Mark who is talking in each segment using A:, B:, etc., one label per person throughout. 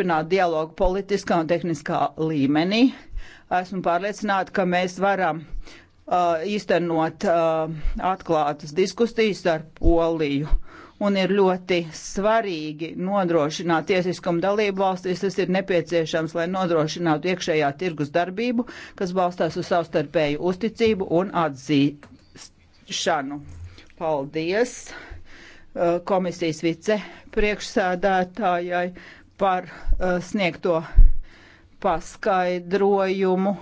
A: turpināt dialogu politiskā un tehniskā līmenī. Esmu pārliecināta, ka mēs varam uh, īstenot uh, atklātas diskusijas ar Poliju. Un ir ļoti svarīgi nodrošināt tiesiskumu dalību valstīs. Tas ir nepieciešams, lai nodrošinātu iekšējā tirgus darbību, kas balstās uz savstarpēju uzticību un atzīšanu. Paldies uh, komisijas vicepriekšsēdētājai par uh, sniegto paskaidrojumu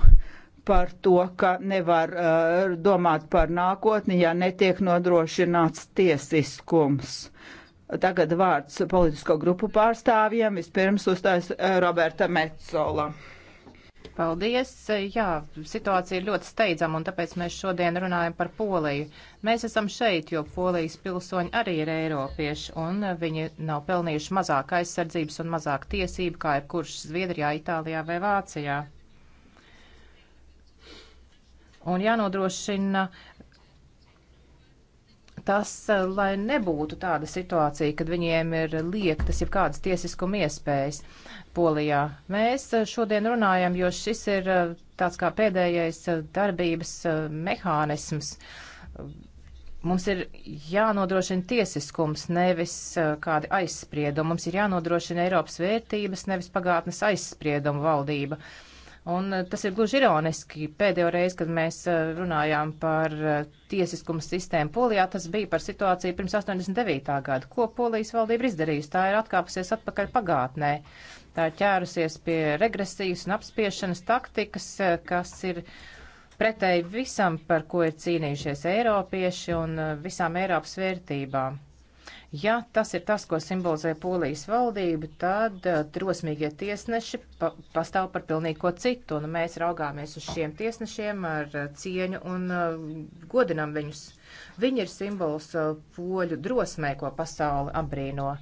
A: par to, ka nevar uh, domāt par nākotni, ja netiek nodrošināts tiesiskums. Tagad vārds politisko grupu pārstāvjiem. Vispirms uzstājas eh, Roberta Metzola. Paldies! Jā, situācija ir
B: ļoti steidzama, un tāpēc mēs šodien runājam par Poliju. Mēs esam šeit, jo Polijas pilsoņi arī ir eiropieši, un viņi nav pelnījuši mazāk aizsardzības un mazāk tiesību kā jebkurš Zviedrijā, Itālijā vai Vācijā. Un jānodrošina tas, lai nebūtu tāda situācija, kad viņiem ir liektas jau kādas tiesiskuma iespējas. Uh, Polijā. Mēs eh, šodien runājam, jo šis ir eh, tāds kā pēdējais eh, darbības mehānisms. Mums ir jānodrošina tiesiskums, nevis kādi aizspriedumi. Mums ir jānodrošina Eiropas vērtības, nevis pagātnes aizspriedumu valdība. Un tas ir gluži ironiski. Pēdējo reizi, kad mēs runājām par tiesiskumu sistēmu Polijā, tas bija par situāciju pirms 89. gada. Ko Polijas valdība izdarījusi? Tā ir atkāpusies atpakaļ pagātnē ķērusies pie regresijas un apspiešanas taktikas, eh, kas ir pretēji visam, par ko ir cīnījušies Eiropieši un eh, visām Eiropas vērtībām. Ja tas ir tas, ko simbolizē polijas valdība, tad eh, drosmīgie tiesneši pa pastāv par pilnīgi ko citu, un mēs raugāmies uz šiem tiesnešiem ar cieņu un godinam viņus. Viņi ir simbols poļu drosmē, ko pasauli apbrīno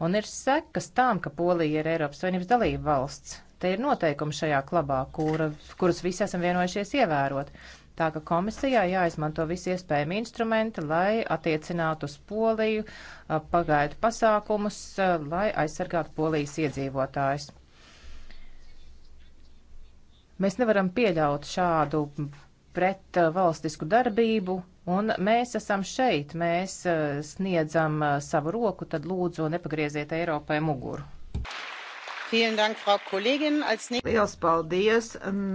B: un ir sekas tām, ka Polija ir Eiropas Savienības dalība valsts. Te ir noteikumi šajā klabā, kura, kurus visi esam vienojušies ievērot. Tā ka komisijā jāizmanto visi iespējami instrumenti, lai attiecinātu uz Poliju pagaidu pasākumus, lai aizsargātu Polijas iedzīvotājus. Mēs nevaram pieļaut šādu pret valstisku darbību, Un mēs esam šeit, mēs eh, sniedzam eh, savu roku, tad lūdzu nepagrieziet Eiropai muguru.
A: Liels paldies!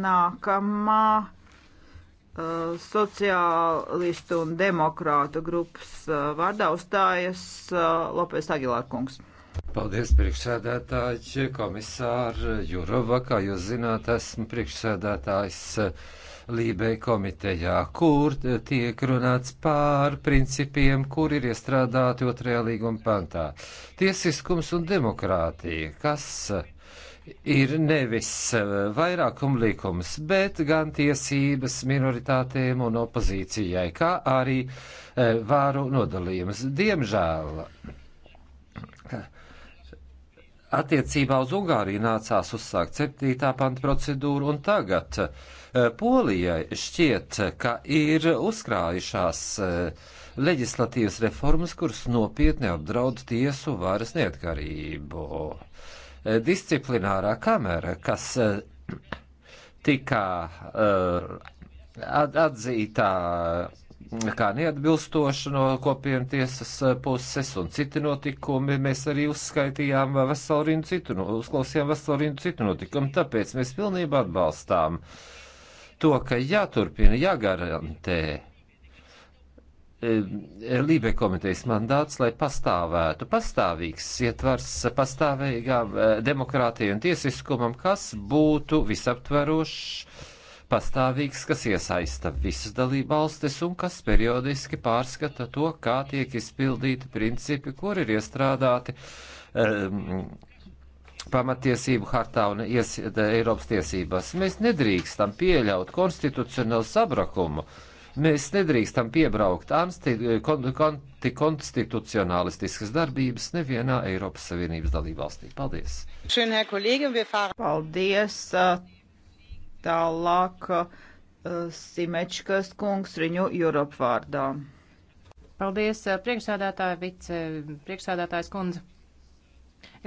A: Nākamā uh, sociālistu un demokrātu grupas uh, vārdā uzstājas uh, Lopes Agilārkungs.
C: Paldies, priekšsēdētāji, komisāri Jurova, kā jūs zināt, esmu priekšsēdētājs. Uh, Lībē komitejā, kur tiek runāts pār principiem, kur ir iestrādāti otrajā līguma pantā. Tiesiskums un demokrātija, kas ir nevis vairākuma likums, bet gan tiesības minoritātēm un opozīcijai, kā arī e, vāru nodalījums. Diemžēl attiecībā uz Ungāriju nācās uzsākt septītā panta procedūru un tagad uh, Eh, Polijai šķiet, ka ir uzkrājušās eh, leģislatīvas reformas, kuras nopietni apdraud tiesu varas neatkarību. Eh, Disciplinārā kamera, kas tika atzītā mm, kā neatbilstoši no kopienas tiesas puses un citi notikumi. Mēs arī uzskaitījām veselu rindu citu, uzklausījām veselu rindu citu notikumu, tāpēc mēs pilnībā atbalstām uh, to, ka jāturpina, jāgarantē e, Lībe komitejas mandāts, lai pastāvētu pastāvīgs ietvars pastāvīgām e, demokrātijai un tiesiskumam, kas būtu visaptverošs, pastāvīgs, kas iesaista visas dalību valstis un kas periodiski pārskata to, kā tiek izpildīti principi, kur ir iestrādāti um, pamatiesību hartā un ies, Eiropas tiesībās. Mēs nedrīkstam pieļaut konstitucionālu sabrakumu. Mēs nedrīkstam piebraukt antikonstitucionālistiskas darbības nevienā Eiropas Savienības dalībvalstī. Paldies!
A: Paldies! Tālāk Simečkas kungs riņu Eiropu vārdā. Paldies, priekšsādātāja
B: vice, priekšsādātājs kundze.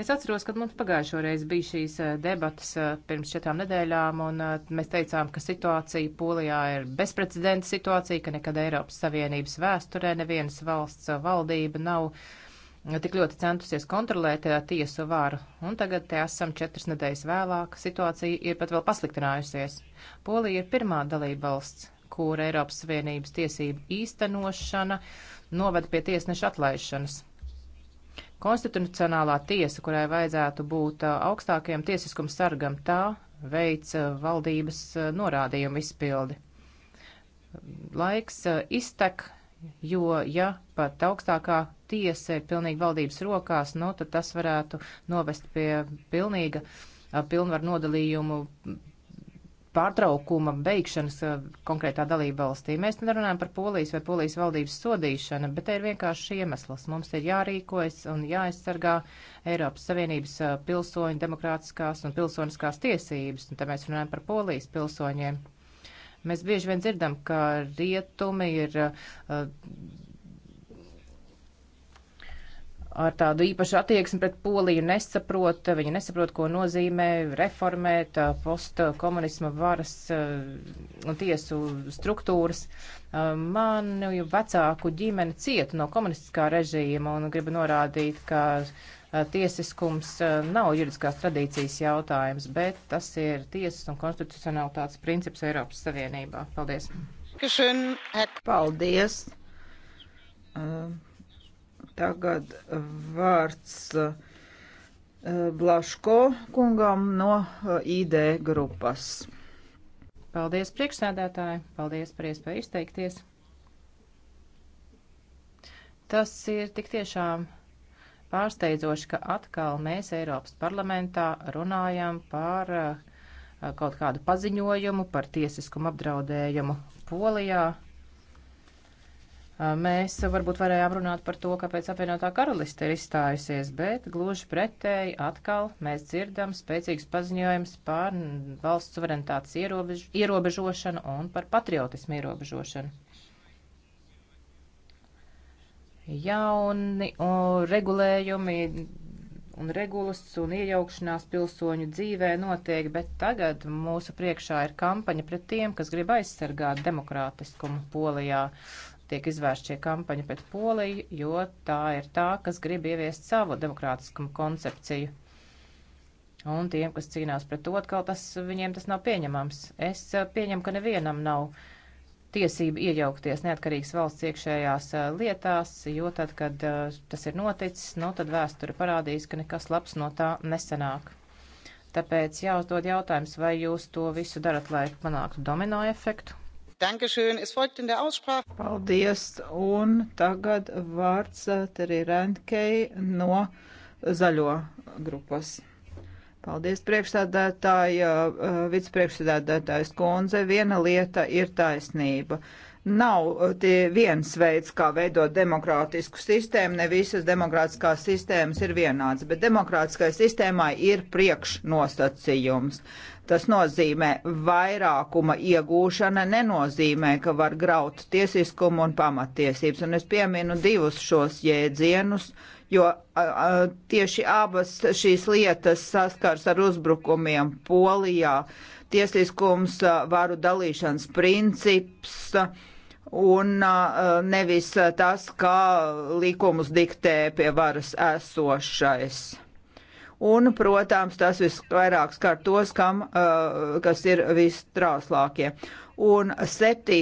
B: Es atceros, kad mums pagājušo reizi bija šīs eh, debatas eh, pirms četrām nedēļām, un eh, mēs teicām, ka situācija Polijā ir bezprecedenta situācija, ka nekad Eiropas Savienības vēsturē nevienas valsts valdība nav tik ļoti centusies kontrolēt tiesu varu, un tagad te esam četras nedēļas vēlāk, situācija ir pat vēl pasliktinājusies. Polija ir pirmā dalība valsts, kur Eiropas Savienības tiesību īstenošana novada pie tiesneša atlaišanas. Konstitucionālā tiesa, kurai vajadzētu būt uh, augstākajam tiesiskums sargam, tā veids uh, valdības uh, norādījumu izpildi. Laiks iztek, jo ja pat augstākā tiesa ir pilnīgi valdības rokās, nu, no, tad tas varētu novest pie pilnīga pilnvaru nodalījumu pārtraukuma beigšanas eh, konkrētā dalība valstī. Mēs nerunājam par polijas vai polijas valdības sodīšanu, bet te ir vienkārši iemesls. Mums ir jārīkojas un jāaizsargā Eiropas Savienības eh, pilsoņu demokrātiskās un pilsoniskās tiesības, un te mēs runājam par polijas pilsoņiem. Mēs bieži vien dzirdam, ka rietumi ir uh, ar tādu īpašu attieksmi pret Poliju nesaprot, viņi nesaprot, ko nozīmē reformēt uh, postkomunisma varas uh, un tiesu struktūras. Uh, manu vecāku ģimeni cieta no komunistiskā režīma un gribu norādīt, ka tiesiskums nav juridiskās tradīcijas jautājums, bet tas ir tiesas un konstitucionalitātes princips Eiropas Savienībā.
A: Paldies! Paldies! Uh Tagad vārds eh, Blaško kungam no eh, ID grupas. Paldies priekšsēdētāji,
B: paldies par iespēju izteikties. Tas ir tik tiešām pārsteidzoši, ka atkal mēs Eiropas parlamentā runājam par eh, kaut kādu paziņojumu par tiesiskumu apdraudējumu Polijā Mēs varbūt varējām runāt par to, kāpēc apvienotā karaliste ir izstājusies, bet gluži pretēji atkal mēs dzirdam spēcīgs paziņojums par valsts suverenitātes ierobež ierobežošanu un par patriotismu ierobežošanu. Jauni o, regulējumi un regulas un iejaukšanās pilsoņu dzīvē notiek, bet tagad mūsu priekšā ir kampaņa pret tiem, kas grib aizsargāt demokrātiskumu Polijā tiek izvērst šie kampaņi pret Poliju, jo tā ir tā, kas grib ieviest savu demokrātiskumu koncepciju. Un tiem, kas cīnās pret to, atkal tas viņiem tas nav pieņemams. Es eh, pieņemu, ka nevienam nav tiesība iejaukties neatkarīgas valsts iekšējās eh, lietās, jo tad, kad eh, tas ir noticis, nu tad vēsture parādīs, ka nekas labs no tā nesanāk. Tāpēc jāuzdod jautājums, vai jūs to visu darat, lai panāktu domino efektu,
A: Paldies, un tagad vārds eh, Terī Renkei no Zaļo grupas. Paldies, priekšstādātāja, eh, vicepriekšstādātājas kundze. Viena lieta ir taisnība nav eh, tie viens veids, kā veidot demokrātisku sistēmu. Ne visas demokrātiskās sistēmas ir vienādas, bet demokrātiskai sistēmai ir priekšnosacījums. Tas nozīmē vairākuma iegūšana, nenozīmē, ka var graut tiesiskumu un pamatiesības. Un es pieminu divus šos jēdzienus, jo a, a, tieši abas šīs lietas saskars ar uzbrukumiem Polijā. Tiesiskums, a, varu dalīšanas princips. A, un nevis tas, kā likumus diktē pie varas esošais. Un, protams, tas visvairāk skar tos, kam, uh, kas ir visstrauslākie un 7.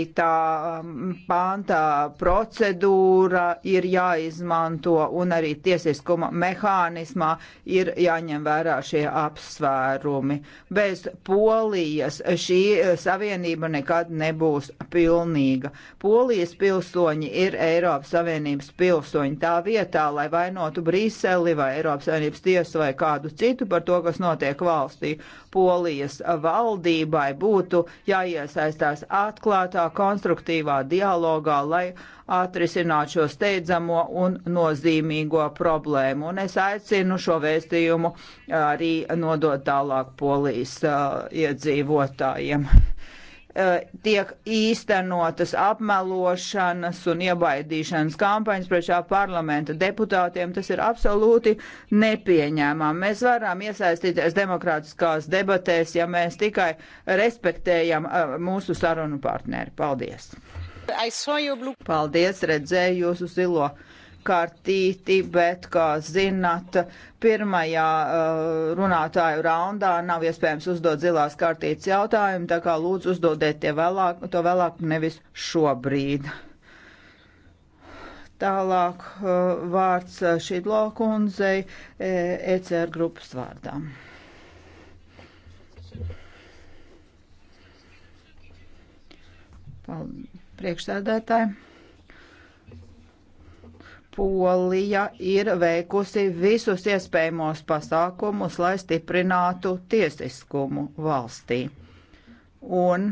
A: pāntā procedūra ir jāizmanto un arī tiesiskuma mehānismā ir jāņem vērā šie apsvērumi. Bez Polijas šī savienība nekad nebūs pilnīga. Polijas pilsoņi ir Eiropas Savienības pilsoņi tā vietā, lai vainotu Briseli vai Eiropas Savienības tiesu vai kādu citu par to, kas notiek valstī. Polijas valdībai būtu jāiesaistās jāiesaistās atklātā, konstruktīvā dialogā, lai atrisinātu šo steidzamo un nozīmīgo problēmu. Un es aicinu šo vēstījumu arī nodot tālāk polijas uh, iedzīvotājiem. Eh, tiek īstenotas apmelošanas un iebaidīšanas kampaņas pret šā parlamenta deputātiem. Tas ir absolūti nepieņēmām. Mēs varam iesaistīties demokrātiskās debatēs, ja mēs tikai respektējam eh, mūsu sarunu partneri. Paldies! Paldies, redzēju jūsu zilo iekārtīti, bet, kā zinat, pirmajā uh, runātāju raundā nav iespējams uzdot zilās kārtītas jautājumu, tā kā lūdzu uzdodiet tie vēlāk, to vēlāk nevis šobrīd. Tālāk uh, vārds uh, Šidlo kundzei ECR grupas vārdā. Paldies priekšsēdētāji. Polija ir veikusi visus iespējamos pasākumus, lai stiprinātu tiesiskumu valstī. Un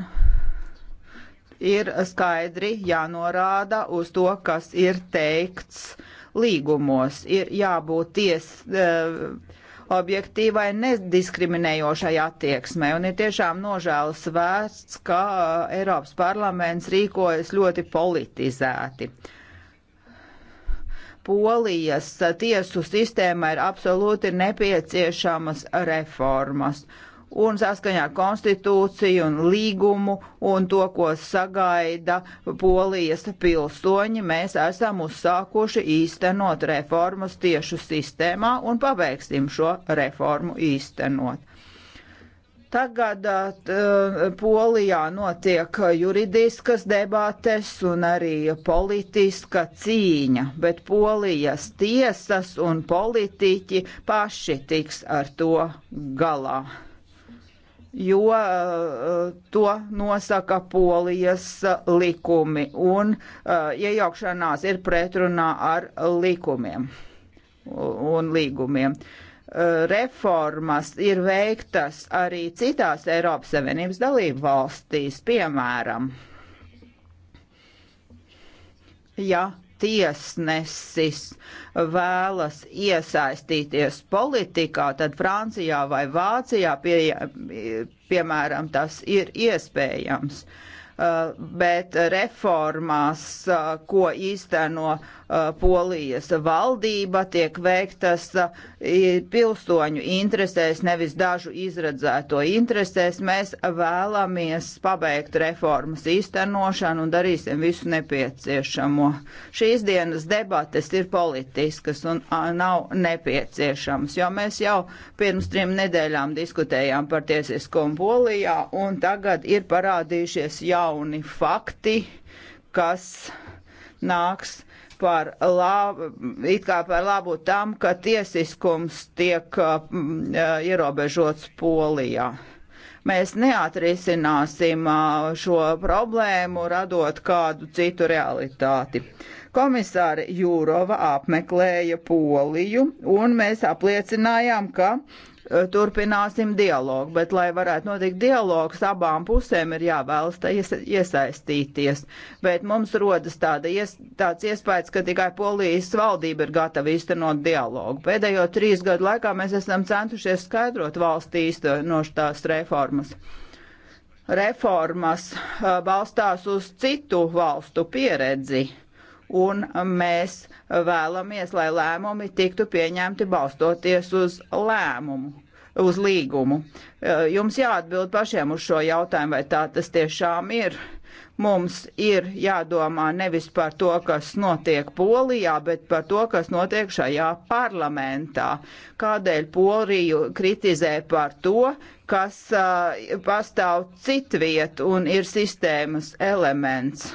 A: ir skaidri jānorāda uz to, kas ir teikts līgumos. Ir jābūt ties, eh, objektīvai nediskriminējošai attieksmei. Un ir tiešām nožēlas vērts, ka eh, Eiropas parlaments rīkojas ļoti politizēti. Uh, Polijas tiesu sistēmai ir absolūti nepieciešamas reformas. Un saskaņā ar konstitūciju un līgumu un to, ko sagaida polijas pilsoņi, mēs esam uzsākuši īstenot reformas tiešu sistēmā un pabeigsim šo reformu īstenot. Tagad Polijā notiek juridiskas debates un arī politiska cīņa, bet Polijas tiesas un politiķi paši tiks ar to galā jo uh, to nosaka polijas likumi, un uh, iejaukšanās ir pretrunā ar likumiem un līgumiem. Uh, Eh, reformas ir veiktas arī citās Eiropas Savienības dalību valstīs, piemēram, ja tiesnesis vēlas iesaistīties politikā, tad Francijā vai Vācijā, pie, piemēram, tas ir iespējams. Uh, bet reformās, uh, ko īsteno uh, Uh, Polijas valdība, tiek veiktas uh, pilsoņu interesēs, nevis dažu izredzēto interesēs. Mēs vēlamies pabeigt reformas īstenošanu un darīsim visu nepieciešamo. Šīs dienas debates ir politiskas un nav nepieciešamas, jo mēs jau pirms trim nedēļām diskutējām par tiesiskumu Polijā un tagad ir parādījušies jauni fakti, kas nāks par labu, it kā par labu tam, ka tiesiskums tiek uh, uh, ierobežots Polijā. Mēs neatrisināsim uh, šo problēmu, radot kādu citu realitāti. Uh, Komisāra Jūrova apmeklēja Poliju, un mēs apliecinājām, ka e, turpināsim dialogu, bet, lai varētu notikt dialogs, abām pusēm ir jāvēlas iesaistīties. Bet mums rodas tāda, ies, tāds iespējas, ka tikai polijas valdība ir gatava īstenot dialogu. Pēdējo trīs gadu laikā mēs esam centušies skaidrot valstī īstenotās reformas. Reformas e, balstās uz citu valstu pieredzi un mēs vēlamies, lai lēmumi tiktu pieņemti balstoties uz lēmumu, uz līgumu. Eh, jums jāatbild pašiem uz šo jautājumu, vai tā tas tiešām ir. Mums ir jādomā nevis par to, kas notiek Polijā, bet par to, kas notiek šajā parlamentā. Kādēļ Poliju kritizē par to, kas uh, pastāv citviet un ir sistēmas elements?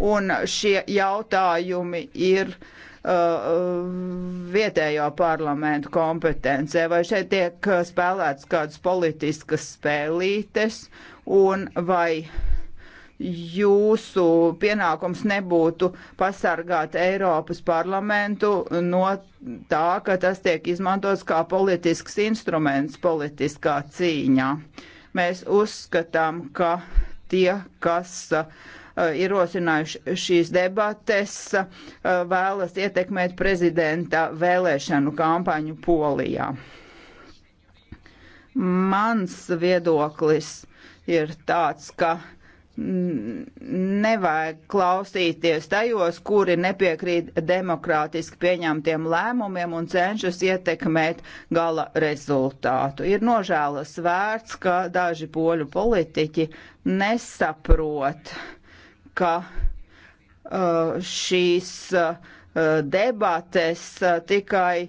A: un šie jautājumi ir uh, uh, vietējo parlamentu kompetencē, vai šeit tiek uh, spēlēts kādas politiskas spēlītes, un vai jūsu pienākums nebūtu pasargāt Eiropas parlamentu no tā, ka tas tiek izmantots kā politisks instruments politiskā cīņā. Mēs uzskatām, ka tie, kas uh, Uh, ir rosinājuši šīs debates, uh, vēlas ietekmēt prezidenta vēlēšanu kampaņu Polijā. Mans viedoklis ir tāds, ka nevajag klausīties tajos, kuri nepiekrīt demokrātiski pieņemtiem lēmumiem un cenšas ietekmēt gala rezultātu. Ir nožēlas vērts, ka daži poļu politiķi nesaprot uh, ka uh, šīs uh, debates uh, tikai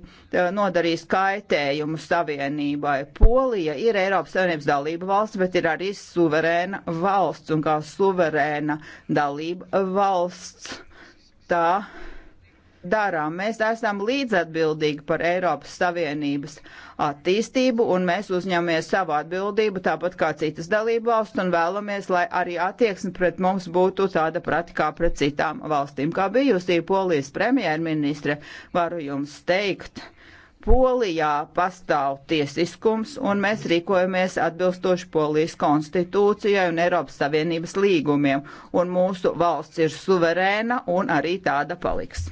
A: nodarīs kaitējumu savienībai. Polija ir Eiropas Savienības dalība valsts, bet ir arī suverēna valsts, un kā suverēna dalība valsts, tā darām. Mēs esam līdzatbildīgi par Eiropas Savienības attīstību, un mēs uzņemamies savu atbildību, tāpat kā citas dalību valsts, un vēlamies, lai arī attieksme pret mums būtu tāda prati kā pret citām valstīm. Kā bijusī Polijas premjerministre, varu jums teikt, uh, Polijā pastāv tiesiskums, un mēs rīkojamies atbilstoši Polijas konstitūcijai un Eiropas Savienības līgumiem, un mūsu valsts ir suverēna un arī tāda paliks.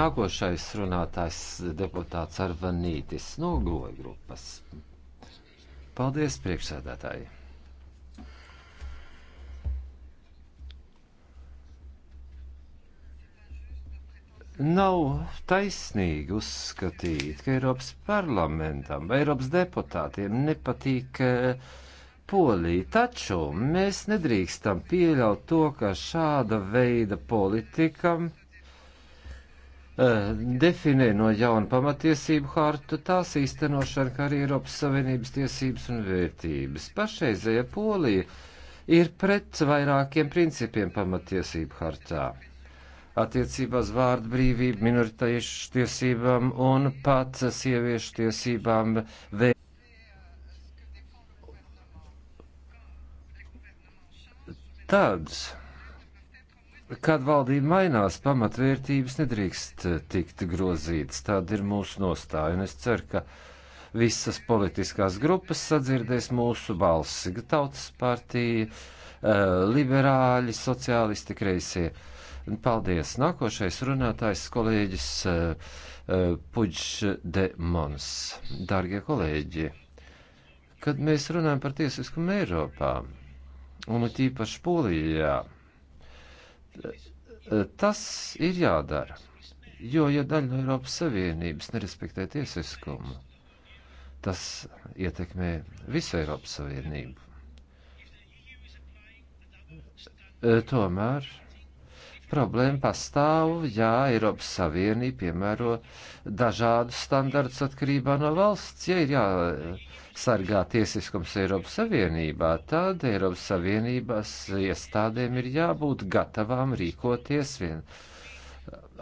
C: Nākošais runātājs deputāts Arvanītis no Goja grupas. Paldies, priekšsēdētāji! Nav taisnīgi uzskatīt, ka Eiropas parlamentam vai Eiropas deputātiem nepatīk eh, Polija, taču mēs nedrīkstam pieļaut to, ka šāda veida politikam eh, definē no jauna pamatiesību hartu tās īstenošana, kā arī Eiropas Savienības tiesības un vērtības. Pašreizēja Polija ir pret vairākiem principiem pamatiesību hartā attiecībā uz vārdu brīvību, minoritāšu tiesībām un pat sieviešu tiesībām. Vē... Tad, kad valdība mainās, pamatvērtības nedrīkst tikt grozītas. Tāda ir mūsu nostāja, un es ceru, ka visas politiskās grupas sadzirdēs mūsu balsi. Tautas partija, eh, liberāļi, sociālisti, kreisie. Uh, Paldies! Nākošais runātājs kolēģis eh, eh, Puģs de Mons. Dārgie kolēģi, kad mēs runājam par tiesiskumu Eiropā, un tīpaši Polijā, eh, tas ir jādara. Jo, ja daļa no Eiropas Savienības nerespektē tiesiskumu, tas ietekmē visu Eiropas Savienību. Tomēr problēma pastāv, ja Eiropas Savienība piemēro dažādus standartus atkarībā no valsts. Ja ir jāsargā tiesiskums Eiropas Savienībā, tad Eiropas Savienības iestādēm ir jābūt gatavām rīkoties vien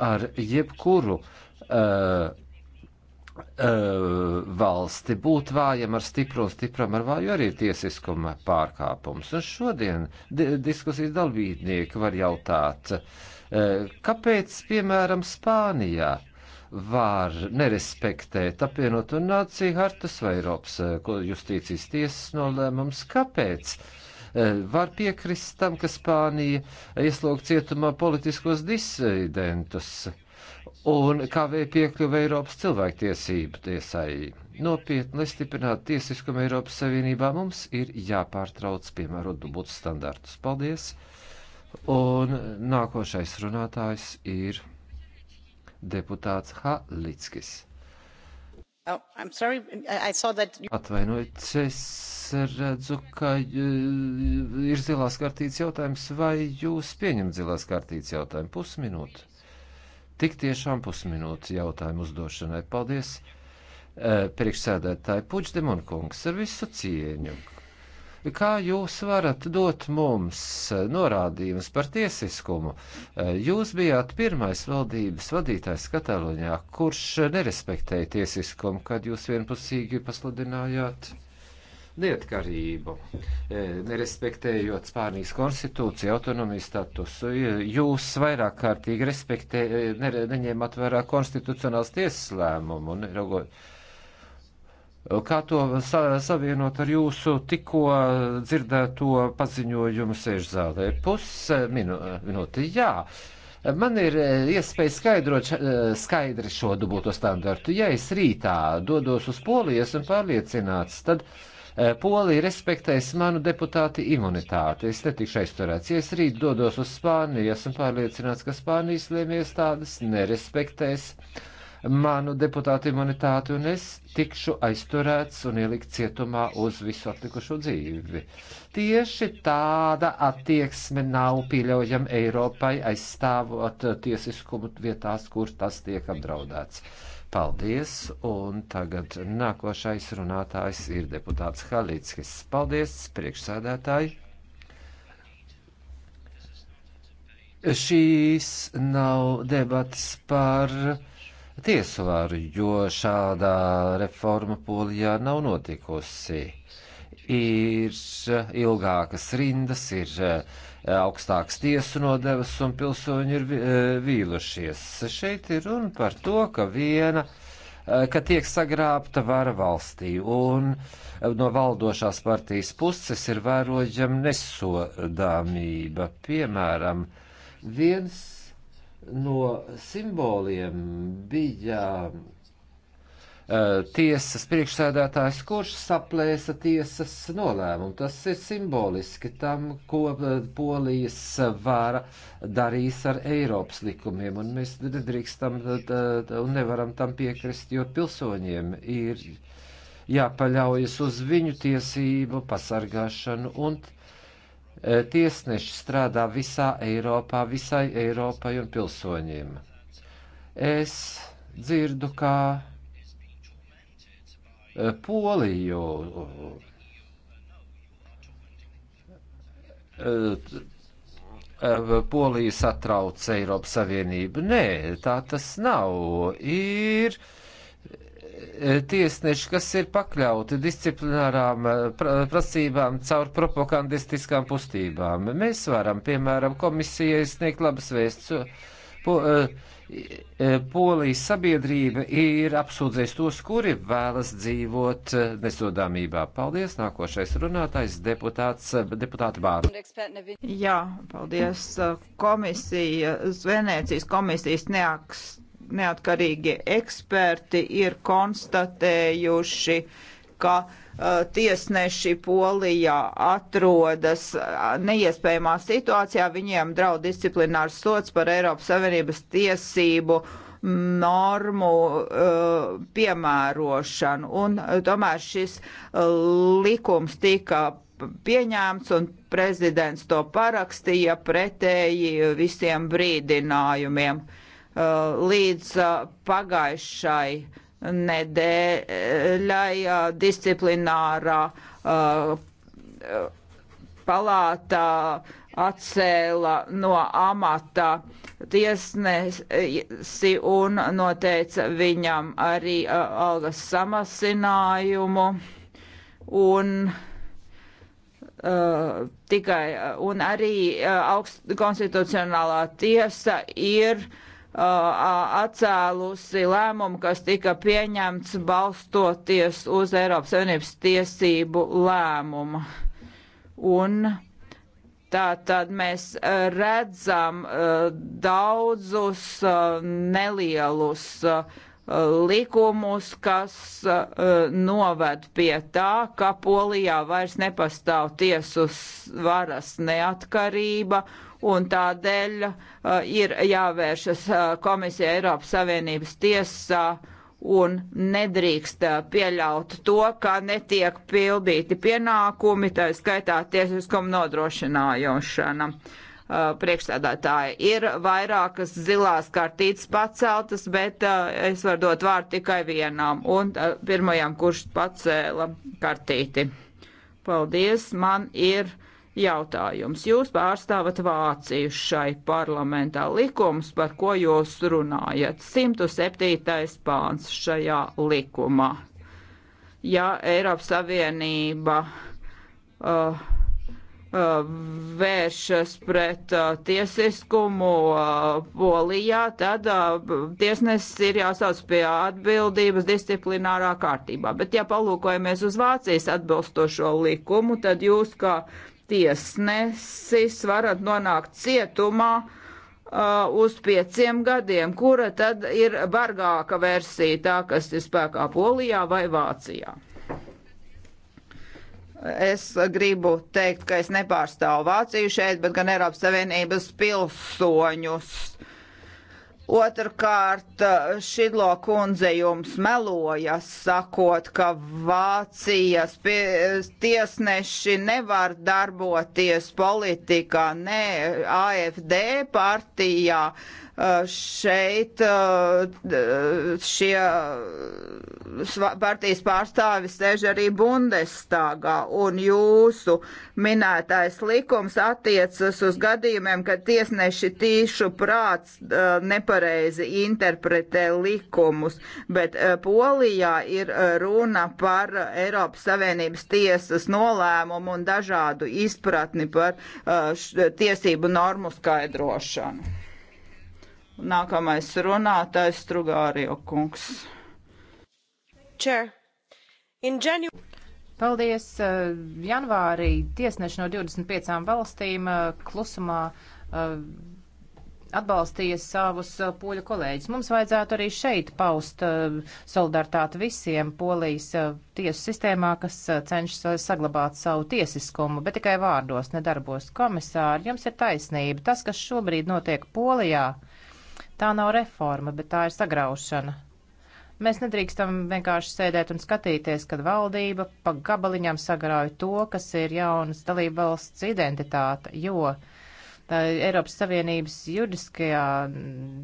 C: ar jebkuru uh, Eh, valsti būt vājam ar stipro, stipram ar vāju arī ir tiesiskuma pārkāpums. Un šodien diskusijas dalībnieki var jautāt, eh, kāpēc, piemēram, Spānijā var nerespektēt apvienoto nāciju hartas vai Eiropas eh, justīcijas tiesas nolēmums? Kāpēc? Var piekrist tam, ka Spānija ieslog cietumā politiskos disidentus. Uh, un kavē piekļuva Eiropas cilvēktiesību tiesai. Nopietni, lai stiprinātu tiesiskumu Eiropas Savienībā, mums ir jāpārtrauc piemērot dubultus standartus. Paldies! Un nākošais runātājs ir deputāts Halickis.
B: Oh, sorry, you...
C: Atvainojiet, es redzu, ka e, ir zilās kartītes jautājums. Vai jūs pieņemat zilās kartītes jautājumu? Pusminūte. Tik tiešām pusminūtes jautājumu uzdošanai. Paldies, eh, priekšsēdētāji Puģdemonkungs, ar visu cieņu. Kā jūs varat dot mums eh, norādījumus par tiesiskumu? Eh, jūs bijāt pirmais valdības vadītājs Katalonijā, kurš nerespektēja tiesiskumu, kad jūs vienpusīgi pasludinājāt uh, neatkarību, e, nerespektējot Spānijas konstitūciju, autonomiju statusu. E, jūs vairāk kārtīgi respektē, e, ne, neņēmat vērā konstitucionāls tiesas lēmumu. Un, ragot, kā to sa savienot ar jūsu tikko dzirdēto paziņojumu sēžzālē? Pusminūte, minu, jā. Man ir iespēja skaidrot skaidri šo dubulto standartu. Ja es rītā dodos uz polijas un pārliecināts, tad uh, Eh, Polija respektēs manu deputāti imunitāti. Es netikšu aizturēts. Ja es rīt dodos uz Spāniju, esmu pārliecināts, ka Spānijas lēmiestādes nerespektēs manu deputātu imunitāti, un es tikšu aizturēts un ielikt cietumā uz visu atlikušo dzīvi. Tieši tāda attieksme nav pieļaujama Eiropai aizstāvot tiesiskumu vietās, kur tas tiek apdraudēts. Paldies, un tagad nākošais runātājs ir deputāts Halīckis. Paldies, priekšsēdētāji! Šīs nav debatas par tiesu varu, jo šādā reforma polijā nav notikusi. Ir ilgākas rindas, ir uh, Eh, augstāks tiesu nodevas un pilsoņi ir eh, vīlušies. Šeit ir runa par to, ka viena, eh, ka tiek sagrābta vara valstī un no valdošās partijas puses ir vērojama nesodāmība. Piemēram, viens no simboliem bija Eh, tiesas priekšsēdētājs, kurš saplēsa tiesas nolēmumu. Tas ir simboliski tam, ko eh, polijas vāra darīs ar Eiropas likumiem, un mēs nedrīkstam eh, un nevaram tam piekrist, jo pilsoņiem ir jāpaļaujas uz viņu tiesību pasargāšanu un tiesneši strādā visā Eiropā, visai Eiropai un pilsoņiem. Es dzirdu, kā Poliju. Polija satrauc Eiropas Savienību. Nē, tā tas nav. Ir tiesneši, kas ir pakļauti disciplinārām prasībām caur propagandistiskām kustībām. Mēs varam, piemēram, komisijai sniegt labas vēsts. Po, uh, E, Polijas sabiedrība ir apsūdzējusi tos, kuri vēlas dzīvot e, nesodāmībā. Paldies, nākošais runātājs deputāts, deputāta Bārta.
A: Jā, paldies. Komisija, Zvenēcijas komisijas neaks, neatkarīgi eksperti ir konstatējuši, ka uh, Eh, tiesneši Polijā atrodas eh, neiespējamā situācijā, viņiem draud disciplinārs sots par Eiropas Savienības tiesību normu uh, piemērošanu. Un tomēr šis likums tika pieņēmts un prezidents to parakstīja pretēji visiem brīdinājumiem. Uh, līdz uh, pagājušai nedēļai disciplinārā palātā atcēla no amata tiesnesi un noteica viņam arī algas samasinājumu un Uh, tikai un arī uh, augst, konstitucionālā tiesa ir uh, atcēlusi lēmumu, kas tika pieņemts balstoties uz Eiropas Savienības tiesību lēmumu. Un tā tad mēs redzam daudzus nelielus likumus, kas uh, noved pie tā, ka Polijā vairs nepastāv tiesu varas neatkarība un tādēļ uh, ir jāvēršas uh, komisija Eiropas Savienības tiesā un nedrīkst uh, pieļaut to, ka netiek pildīti pienākumi, tā skaitā tiesiskumu nodrošinājošana. Uh, Priekšstādātāji ir vairākas zilās kartītes paceltas, bet uh, es varu dot vārdu tikai vienām un uh, pirmajam, kurš pacēla kartīti. Paldies, man ir uh, jautājums. Jūs pārstāvat Vāciju šai parlamentā likums, par ko jūs runājat. 107. pāns šajā likumā. Ja Eiropas Savienība uh, uh vēršas pret uh, tiesiskumu uh, polijā, tad tiesnesis ir jāsauc pie atbildības disciplinārā kārtībā. Bet, ja palūkojamies uz Vācijas atbilstošo likumu, tad jūs kā tiesnesis varat nonākt cietumā uh, uz pieciem gadiem, kura tad ir bargāka versija tā, kas ir spēkā Polijā vai Vācijā. Es gribu teikt, ka es nepārstāvu Vāciju šeit, bet gan Eiropas Savienības pilsoņus. Uh, Otrkārt, Šidlo kundze jums meloja, sakot, ka Vācijas tiesneši nevar darboties politikā, ne AFD partijā, uh, Eh, šeit eh, šie eh, partijas pārstāvi sēž arī Bundestagā, un jūsu minētais likums attiecas uz gadījumiem, kad tiesneši tīšu prāts nepareizi interpretē likumus, bet Polijā ir runa par Eiropas Savienības tiesas nolēmumu un dažādu izpratni par tiesību normu skaidrošanu. Nākamais runātājs Strugārio kungs. Chair. In January... Paldies! Eh, janvārī
B: tiesneši no 25 valstīm eh, klusumā eh, atbalstīja savus poļu kolēģus. Mums vajadzētu arī šeit paust solidaritāti visiem polijas tiesu sistēmā, kas cenšas saglabāt savu tiesiskumu, bet tikai vārdos nedarbos. Komisāri, jums ir taisnība. Tas, kas šobrīd notiek polijā, Tā nav reforma, bet tā ir sagraušana. Mēs nedrīkstam vienkārši sēdēt un skatīties, kad valdība pa gabaliņām sagrauj to, kas ir jaunas dalība valsts identitāte, jo tā, Eiropas Savienības juridiskajā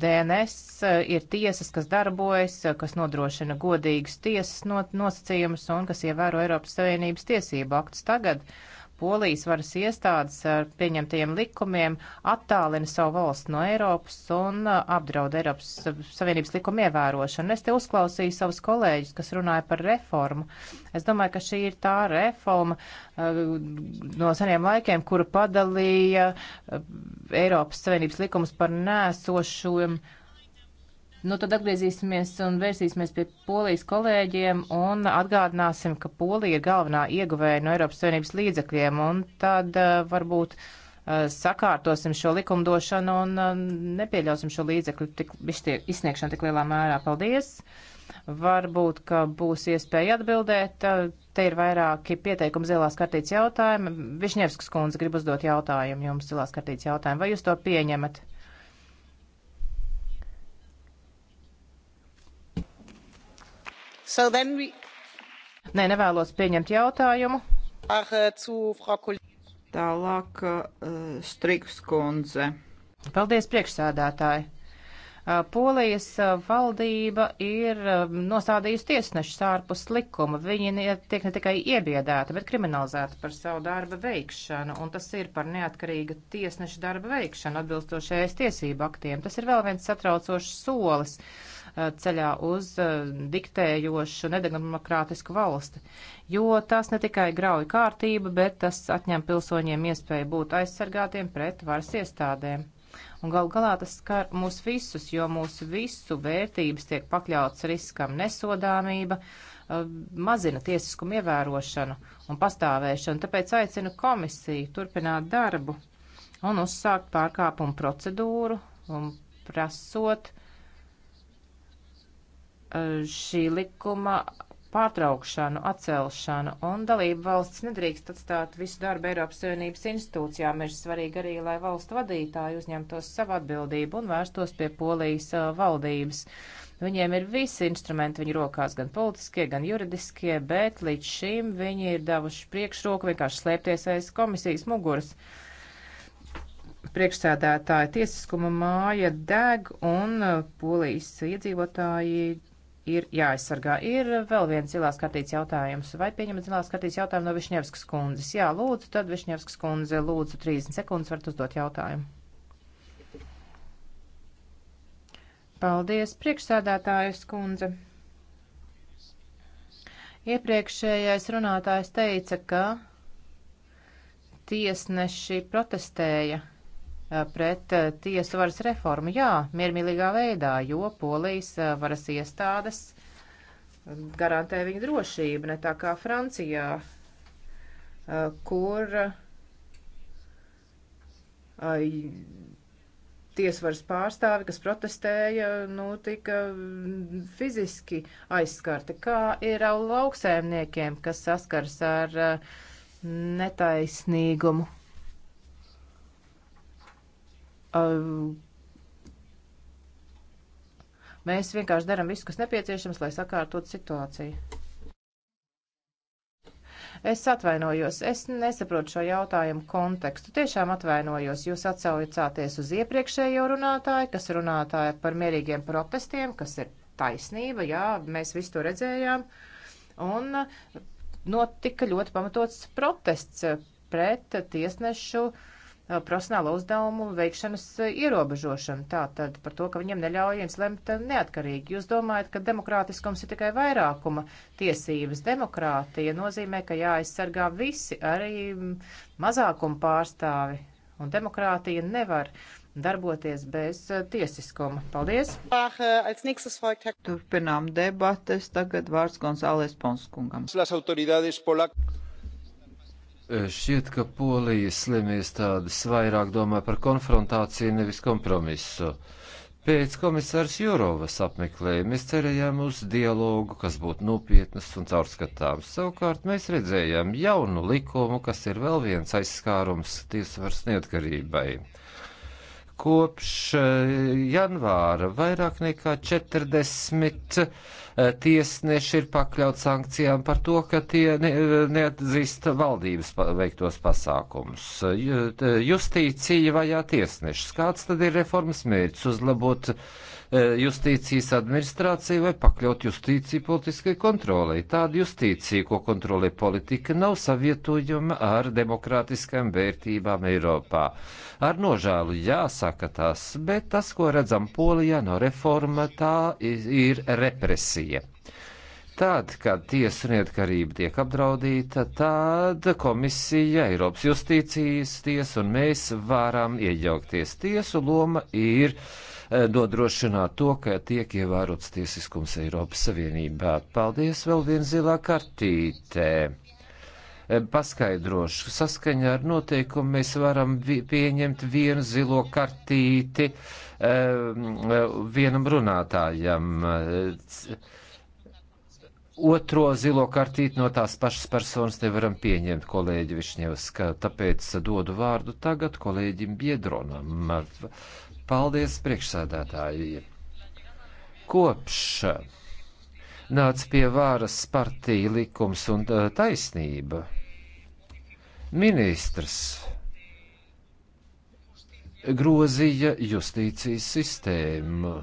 B: DNS e, ir tiesas, kas darbojas, e, kas nodrošina godīgus tiesas nosacījumus un kas ievēro Eiropas Savienības tiesību aktus tagad Polijas varas iestādes ar pieņemtajiem likumiem attālina savu valstu no Eiropas un uh, apdraud Eiropas Savienības likumu ievērošanu. Es te uzklausīju savus kolēģus, kas runāja par reformu. Es domāju, ka šī ir tā reforma uh, no seniem laikiem, kura padalīja uh, Eiropas Savienības likumus par nēsošiem Nu, tad atgriezīsimies un vērsīsimies pie polijas kolēģiem un atgādināsim, ka Polija ir galvenā ieguvēja no Eiropas Savienības līdzekļiem, un tad uh, varbūt uh, sakārtosim šo likumdošanu un uh, nepieļausim šo līdzekļu tik, tiek, izsniegšanu tik lielā mērā. Paldies! Varbūt, ka būs iespēja atbildēt. Te ir vairāki pieteikumi zilās kartītes jautājumi. Višņevskas kundze grib uzdot jautājumu jums zilās kartītes jautājumu. Vai jūs to pieņemat? So we... Nē, nevēlos pieņemt jautājumu.
A: Ar, uh, Tālāk uh, Striks kundze.
B: Paldies, priekšsēdētāji. Uh, Polijas valdība ir nostādījusi tiesnešus ārpus likuma. Viņi ne, tiek ne tikai iebiedēti, bet kriminalizēti par savu darba veikšanu, un tas ir par neatkarīga tiesneša darba veikšanu atbilstošais tiesību aktiem. Tas ir vēl viens satraucošs solis. Uh, Eh, ceļā uz eh, diktējošu nedemokrātisku valsti. Jo tas ne tikai grauj kārtību, bet tas atņem pilsoņiem iespēju būt aizsargātiem pret varas iestādēm. Un gal galā tas skar mūs visus, jo mūsu visu vērtības tiek pakļauts riskam nesodāmība, eh, mazina tiesiskumu ievērošanu un pastāvēšanu. Tāpēc aicinu komisiju turpināt darbu un uzsākt pārkāpumu procedūru un prasot Eh, šī likuma pārtraukšanu, atcelšanu, un dalību valsts nedrīkst atstāt visu darbu Eiropas Savienības institūcijām. Ir svarīgi arī, lai valstu vadītāji uzņemtos savu atbildību un vērstos pie polijas eh, valdības. Viņiem ir visi instrumenti viņu rokās, gan politiskie, gan juridiskie, bet līdz šim viņi ir devuši priekšroku vienkārši slēpties aiz komisijas muguras. Priekšsēdētāja tiesiskuma māja deg un eh, polijas iedzīvotāji ir jāaizsargā. Ir vēl viens zilās kartīts jautājums. Vai pieņemat zilās kartīts jautājumu no Višņevskas kundzes? Jā, lūdzu, tad Višņevskas kundze, lūdzu, 30 sekundes varat uzdot jautājumu. Paldies, priekšsēdētājas kundze. Iepriekšējais runātājs teica, ka tiesneši protestēja Eh, pret eh, tiesu varas reformu. Jā, miermīlīgā veidā, jo polijas eh, varas iestādes garantē viņu drošību, ne tā kā Francijā, kur tiesvaras pārstāvi, kas protestēja, nu, tika mm, fiziski aizskarti. Kā ir lauksēmniekiem, kas saskars ar netaisnīgumu? Ehm, mēs vienkārši darām visu, kas nepieciešams, lai sakārtotu situāciju. Es atvainojos, es nesaprotu šo jautājumu kontekstu. Tiešām atvainojos, jūs atsaucāties uz iepriekšējo runātāju, kas runātāja par mierīgiem protestiem, kas ir taisnība, jā, mēs visu to redzējām. Un eh, notika ļoti pamatots protests eh, pret tiesnešu uh, Uh, profesionālo uzdevumu veikšanas uh, ierobežošanu. Tātad par to, ka viņiem neļaujams lemt uh, neatkarīgi. Jūs domājat, ka demokrātiskums ir tikai vairākuma tiesības. Demokrātija nozīmē, ka jāaizsargā visi, arī mm, mazākuma pārstāvi. Un demokrātija nevar darboties bez
A: tiesiskuma. Paldies! Turpinām debates. Tagad vārds Gonzāles Ponskungam.
C: E, šķiet, ka polijas slimies tādas vairāk domā par konfrontāciju, nevis kompromisu. Pēc komisārs Jurovas apmeklēja mēs cerējām uz dialogu, kas būtu nopietnas un caurskatāms. Savukārt mēs redzējām jaunu likumu, kas ir vēl viens aizskārums tiesvaras neatkarībai. Kopš eh, janvāra vairāk nekā 40 eh, tiesneši ir pakļauts sankcijām par to, ka tie ne, neatzīst valdības veiktos pasākumus. Eh, justīcija vajā tiesnešus. Kāds tad ir reformas mērķis? Uzlabot uh, E, justīcijas administrācija vai pakļaut justīciju politiskai kontrolei. Tāda justīcija, ko kontrolē politika, nav savietojama ar demokrātiskām vērtībām Eiropā. Ar nožēlu jāsaka tas, bet tas, ko redzam Polijā no reforma, tā ir represija. Tad, kad tiesu neatkarība tiek apdraudīta, tad komisija, Eiropas justīcijas tiesa un mēs varam iejaukties. Tiesu loma ir uh, Eh, nodrošināt to, ka tiek ievērots tiesiskums Eiropas Savienībā. Paldies, vēl viena zilā kartīte. Eh, paskaidrošu, saskaņā ar noteikumu mēs varam vi pieņemt vienu zilo kartīti eh, vienam runātājam otro zilo kartīti no tās pašas personas nevaram pieņemt, kolēģi Višņevska, tāpēc dodu vārdu tagad kolēģim Biedronam. Paldies, priekšsēdētāji! Kopš nāca pie vāras partija likums un taisnība. Ministrs grozīja justīcijas sistēmu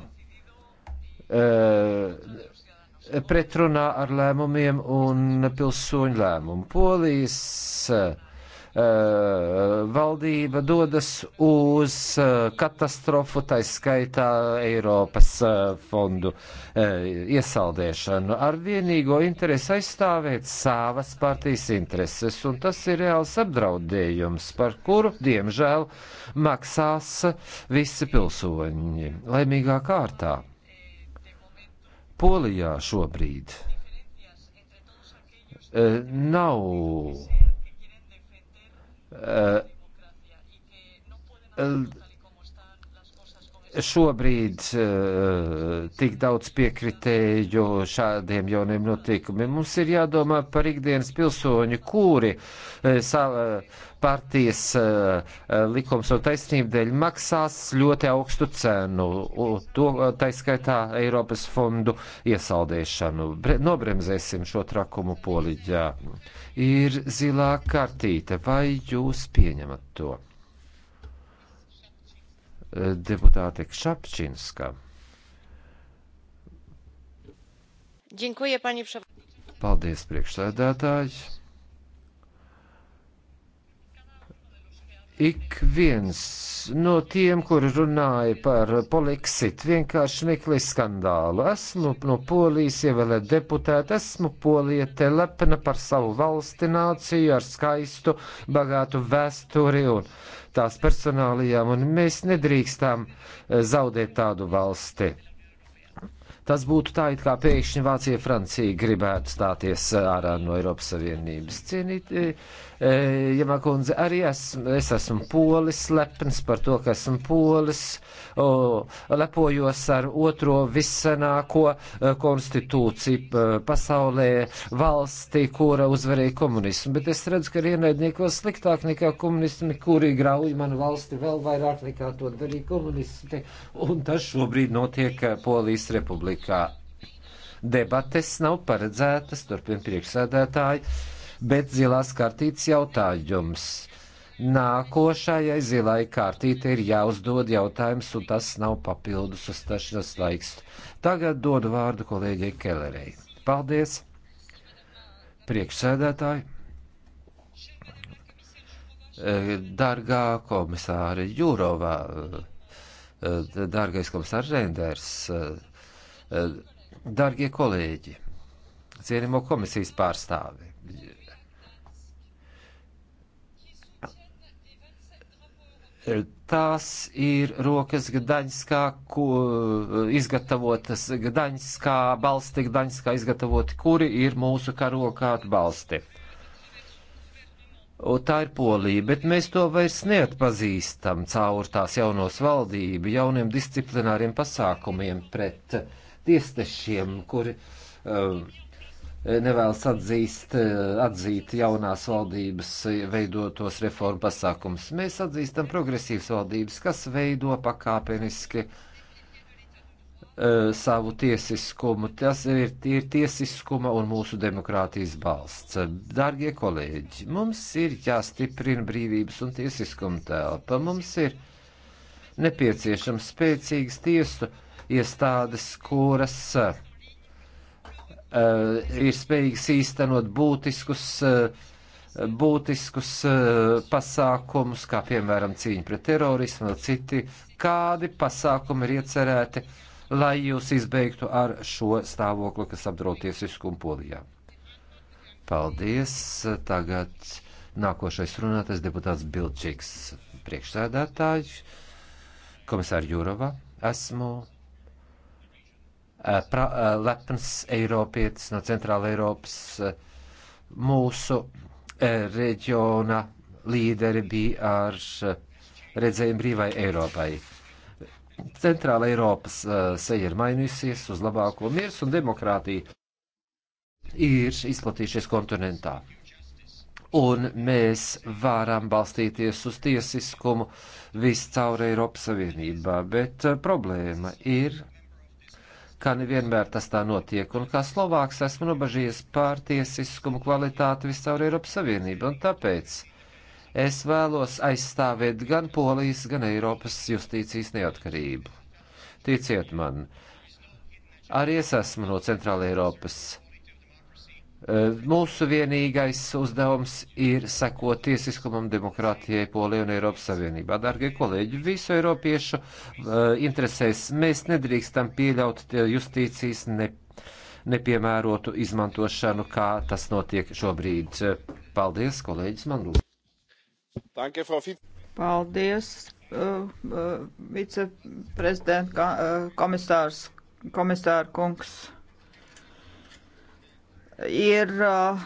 C: pretrunā ar lēmumiem un pilsoņu lēmumu. Polijas Eh, valdība dodas uz eh, katastrofu, tā skaitā Eiropas eh, fondu iesaldēšanu, ar vienīgo interesi aizstāvēt savas partijas intereses, un tas ir reāls apdraudējums, par kuru, diemžēl, maksās visi pilsoņi. Laimīgā kārtā. Polijā šobrīd nav uh, šobrīd uh, tik daudz piekritēju šādiem jauniem notikumiem. Mums ir jādomā par ikdienas pilsoņu, kuri uh, eh, savu uh, eh, partijas uh, likums un taisnību dēļ maksās ļoti augstu cenu, to taiskaitā Eiropas fondu iesaldēšanu. Bre nobremzēsim šo trakumu poliģā. Ir zilā kartīte, vai jūs pieņemat to? deputāte Kšapčinska. Paldies, priekšsēdētāji! Ik viens no tiem, kur runāja par poleksit, vienkārši meklē skandālu. Esmu no Polijas ievēlēt deputāti, esmu Polija, te lepna par savu valsti nāciju ar skaistu, bagātu vēsturi un tās personālajām, un mēs nedrīkstām eh, zaudēt tādu valsti. Tas būtu tā, it kā pēkšņi Vācija, Francija gribētu stāties eh, ārā no Eiropas Savienības. Cienīt, eh, E, Jemā kundze, arī esmu, es esmu polis, lepns par to, ka esmu polis, o, lepojos ar otro vissenāko e, konstitūciju e, pasaulē, valsti, kura uzvarēja komunismu. Bet es redzu, ka ir ienaidnieki vēl sliktāk nekā komunisti, kuri grauj manu valsti vēl vairāk nekā to darīja komunisti. Un tas šobrīd notiek Polijas republikā debates nav paredzētas, turpina priekšsēdētāji bet zilās kartītes jautājums. Nākošajai zilai kārtīte ir jāuzdod jautājums, un tas nav papildus uzstāšanās laiks. Tagad dodu vārdu kolēģei Kellerei. Paldies! Priekšsēdētāji! Eh, dargā komisāra Jūrovā, eh, dārgais komisārs Renders, eh, dārgie kolēģi, cienījamo komisijas pārstāvi. Tās ir rokas Gdaņskā, ku, izgatavotas Gdaņskā, balsti Gdaņskā izgatavoti, kuri ir mūsu karokā atbalsti. Un tā ir Polija, bet mēs to vairs neatpazīstam caur tās jaunos valdību, jauniem disciplināriem pasākumiem pret tiesnešiem, kuri. Uh, um, nevēlas atzīst, atzīt jaunās valdības veidotos reformu pasākums. Mēs atzīstam progresīvas valdības, kas veido pakāpeniski uh, savu tiesiskumu. Tas ir, ir tiesiskuma un mūsu demokrātijas balsts. Dārgie kolēģi, mums ir jāstiprina brīvības un tiesiskuma telpa. Mums ir nepieciešams spēcīgas tiesu iestādes, kuras uh, Eh, ir spējīgas īstenot būtiskus, eh, būtiskus eh, pasākumus, kā piemēram cīņa pret terorismu un citi, kādi pasākumi ir iecerēti, lai jūs izbeigtu ar šo stāvokli, kas apdraud tiesiskumu polijā. Paldies! Tagad nākošais runātais deputāts Bilčiks priekšsēdētājs, komisāri Jurova. Esmu Eh, pra, eh, lepns Eiropietis no Centrāla Eiropas. Eh, mūsu reģiona līderi bija ar redzējumu brīvai Eiropai. Centrāla Eiropas seja ir mainījusies uz labāko miers un demokrātija ir izplatījušies kontinentā. Un mēs varam balstīties uz tiesiskumu viscaur Eiropas Savienībā, bet problēma ir kā nevienmēr tas tā notiek, un kā Slovāks esmu nobažījies pār tiesiskumu kvalitāti viscaur Eiropas Savienību, un tāpēc es vēlos aizstāvēt gan Polijas, gan Eiropas justīcijas neatkarību. Ticiet man, arī es esmu no Centrāla Eiropas Eh, mūsu vienīgais uzdevums ir sekot tiesiskumam, demokrātijai, Polijai un Eiropas Savienībā. Dārgie kolēģi, visu Eiropiešu uh, interesēs mēs nedrīkstam pieļaut eh, justīcijas ne, nepiemērotu izmantošanu, kā tas notiek šobrīd. Paldies, kolēģis Mandl.
A: Paldies, uh, uh, viceprezident, komisārs, komisāra kungs ir. Uh,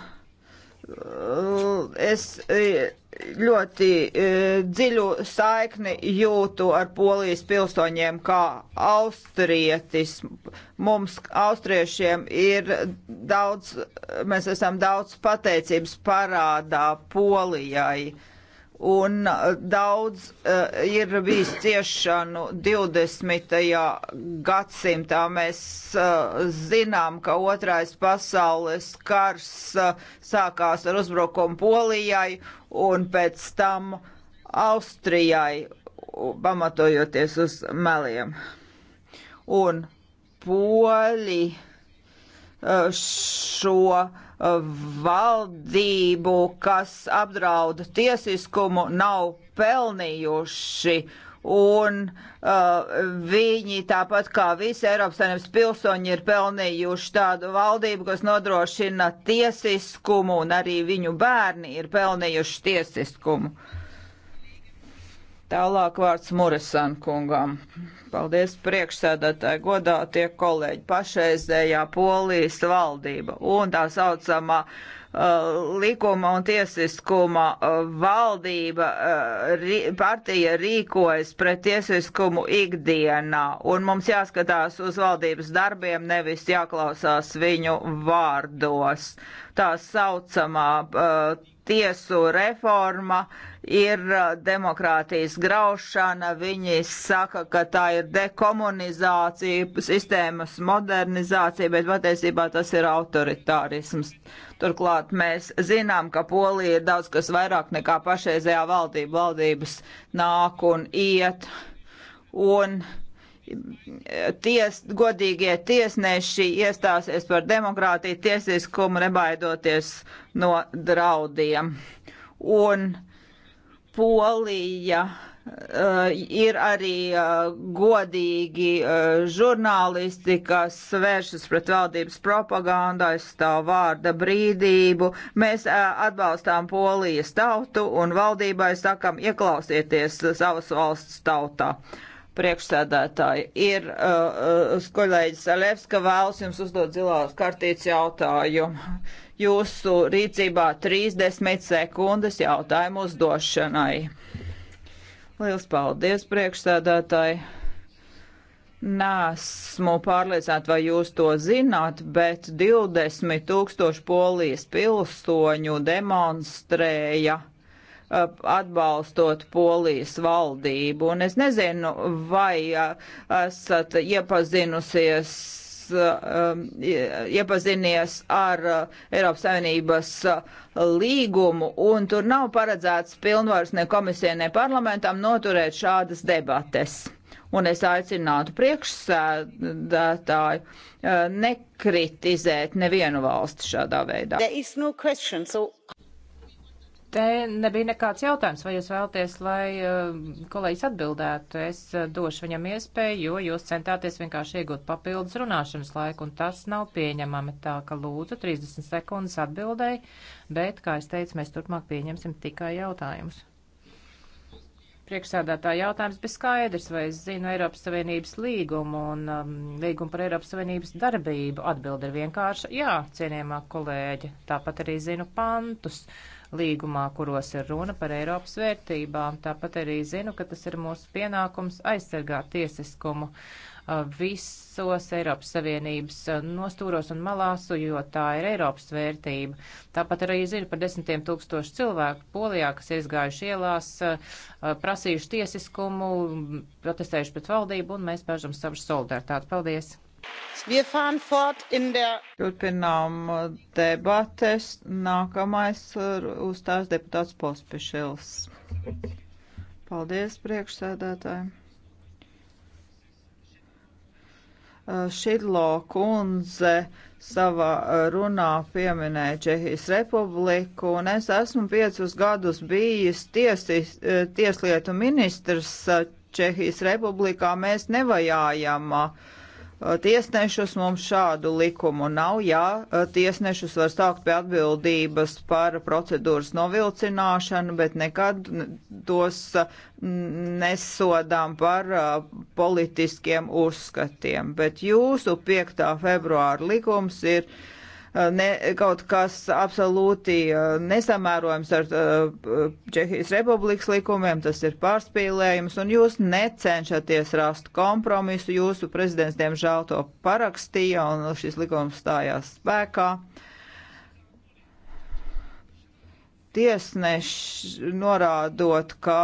A: uh, es uh, ļoti dziļu saikni jūtu ar polijas pilsoņiem, kā austrietis. Mums, austriešiem, ir daudz, mēs esam daudz pateicības parādā polijai. Uh, un uh, daudz uh, ir bijis ciešanu 20. gadsimtā. Mēs uh, zinām, ka otrais pasaules kars uh, sākās ar uzbrukumu Polijai un pēc tam Austrijai, pamatojoties uz meliem. Un poļi uh, šo uh, valdību, kas apdrauda tiesiskumu, nav pelnījuši un uh, viņi tāpat kā visi Eiropas Savienības pilsoņi ir pelnījuši tādu valdību, kas nodrošina tiesiskumu, un arī viņu bērni ir pelnījuši tiesiskumu. Uh, Tālāk vārds Muresan kungam. Paldies priekšsēdētāji godā tie kolēģi pašreizējā Polijas valdība un tā saucamā uh, likuma un tiesiskuma uh, valdība uh, rī, partija rīkojas pret tiesiskumu ikdienā un mums jāskatās uz valdības darbiem, nevis jāklausās viņu vārdos. Tā saucamā uh, tiesu reforma ir uh, demokrātijas graušana. Viņi saka, ka tā ir dekomunizācija, sistēmas modernizācija, bet patiesībā tas ir autoritārisms. Turklāt mēs zinām, ka Polija ir daudz kas vairāk nekā pašreizējā valdība. Valdības nāk un iet. Un, uh, ties, godīgie tiesneši iestāsies par demokrātiju, tiesiskumu, nebaidoties no draudiem. Un Polija uh, ir arī uh, godīgi uh, žurnālisti, kas vēršas pret valdības propagandu, aizstāv vārda brīdību. Mēs uh, atbalstām Polijas tautu un valdībai sakam ieklausieties savas valsts tautā. Uh, priekšsēdētāji. Ir uh, uh, kolēģis Alevska vēlas jums uzdot zilās kartītes jautājumu. Jūsu rīcībā 30 sekundes jautājumu uzdošanai. Liels paldies, priekšsēdētāji! Nesmu pārliecināta, vai jūs to zināt, bet 20 tūkstoši polijas pilsoņu demonstrēja uh, atbalstot polijas valdību. Un es nezinu, vai esat iepazinusies um, iepazinies ar Eiropas Savienības līgumu, un tur nav paredzēts pilnvars ne komisijai, ne parlamentam noturēt šādas debates un es aicinātu priekšsēdētāju nekritizēt nevienu valsti šādā veidā. No question, so...
B: Te nebija nekāds jautājums, vai jūs vēlaties, lai eh, kolēģis atbildētu. Es eh, došu viņam iespēju, jo jūs centāties vienkārši iegūt papildus runāšanas laiku, un tas nav pieņemami. Tā ka lūdzu 30 sekundes atbildēji, bet, kā es teicu, mēs turpmāk pieņemsim tikai jautājumus. Priekšsēdētā jautājums bija skaidrs, vai es zinu Eiropas Savienības līgumu un um, līgumu par Eiropas Savienības darbību. Atbilde ir vienkārša. Jā, cienījamā kolēģe, tāpat arī zinu pantus. Uh, līgumā, kuros ir runa par Eiropas vērtībām. Tāpat arī zinu, ka tas ir mūsu pienākums aizsargāt tiesiskumu uh, visos Eiropas Savienības uh, nostūros un malās, jo tā ir Eiropas vērtība. Tāpat arī zinu par desmitiem tūkstošu cilvēku Polijā, kas ir izgājuši ielās, uh, prasījuši tiesiskumu, protestējuši pret valdību, un mēs paužam savu
A: solidaritāti. Paldies! Turpinām uh, debates. Nākamais uh, uzstājas deputāts Pospišils. Paldies, priekšsēdētāji. Uh, Šidlo kundze savā runā pieminēja Čehijas republiku, un es esmu piecus gadus bijis tiesis, tieslietu ministrs Čehijas republikā. Mēs nevajājam uh, tiesnešus. Mums šādu likumu nav. Jā, tiesnešus var stākt pie atbildības par procedūras novilcināšanu, bet nekad tos nesodām par politiskiem uzskatiem. Bet jūsu 5. februāra likums ir Eh, ne, kaut kas absolūti eh, nesamērojams ar eh, Čehijas republikas likumiem, tas ir pārspīlējums, un jūs necenšaties rast kompromisu. Jūsu prezidents, diemžēl, to parakstīja, un šis likums stājās spēkā tiesneši norādot, ka,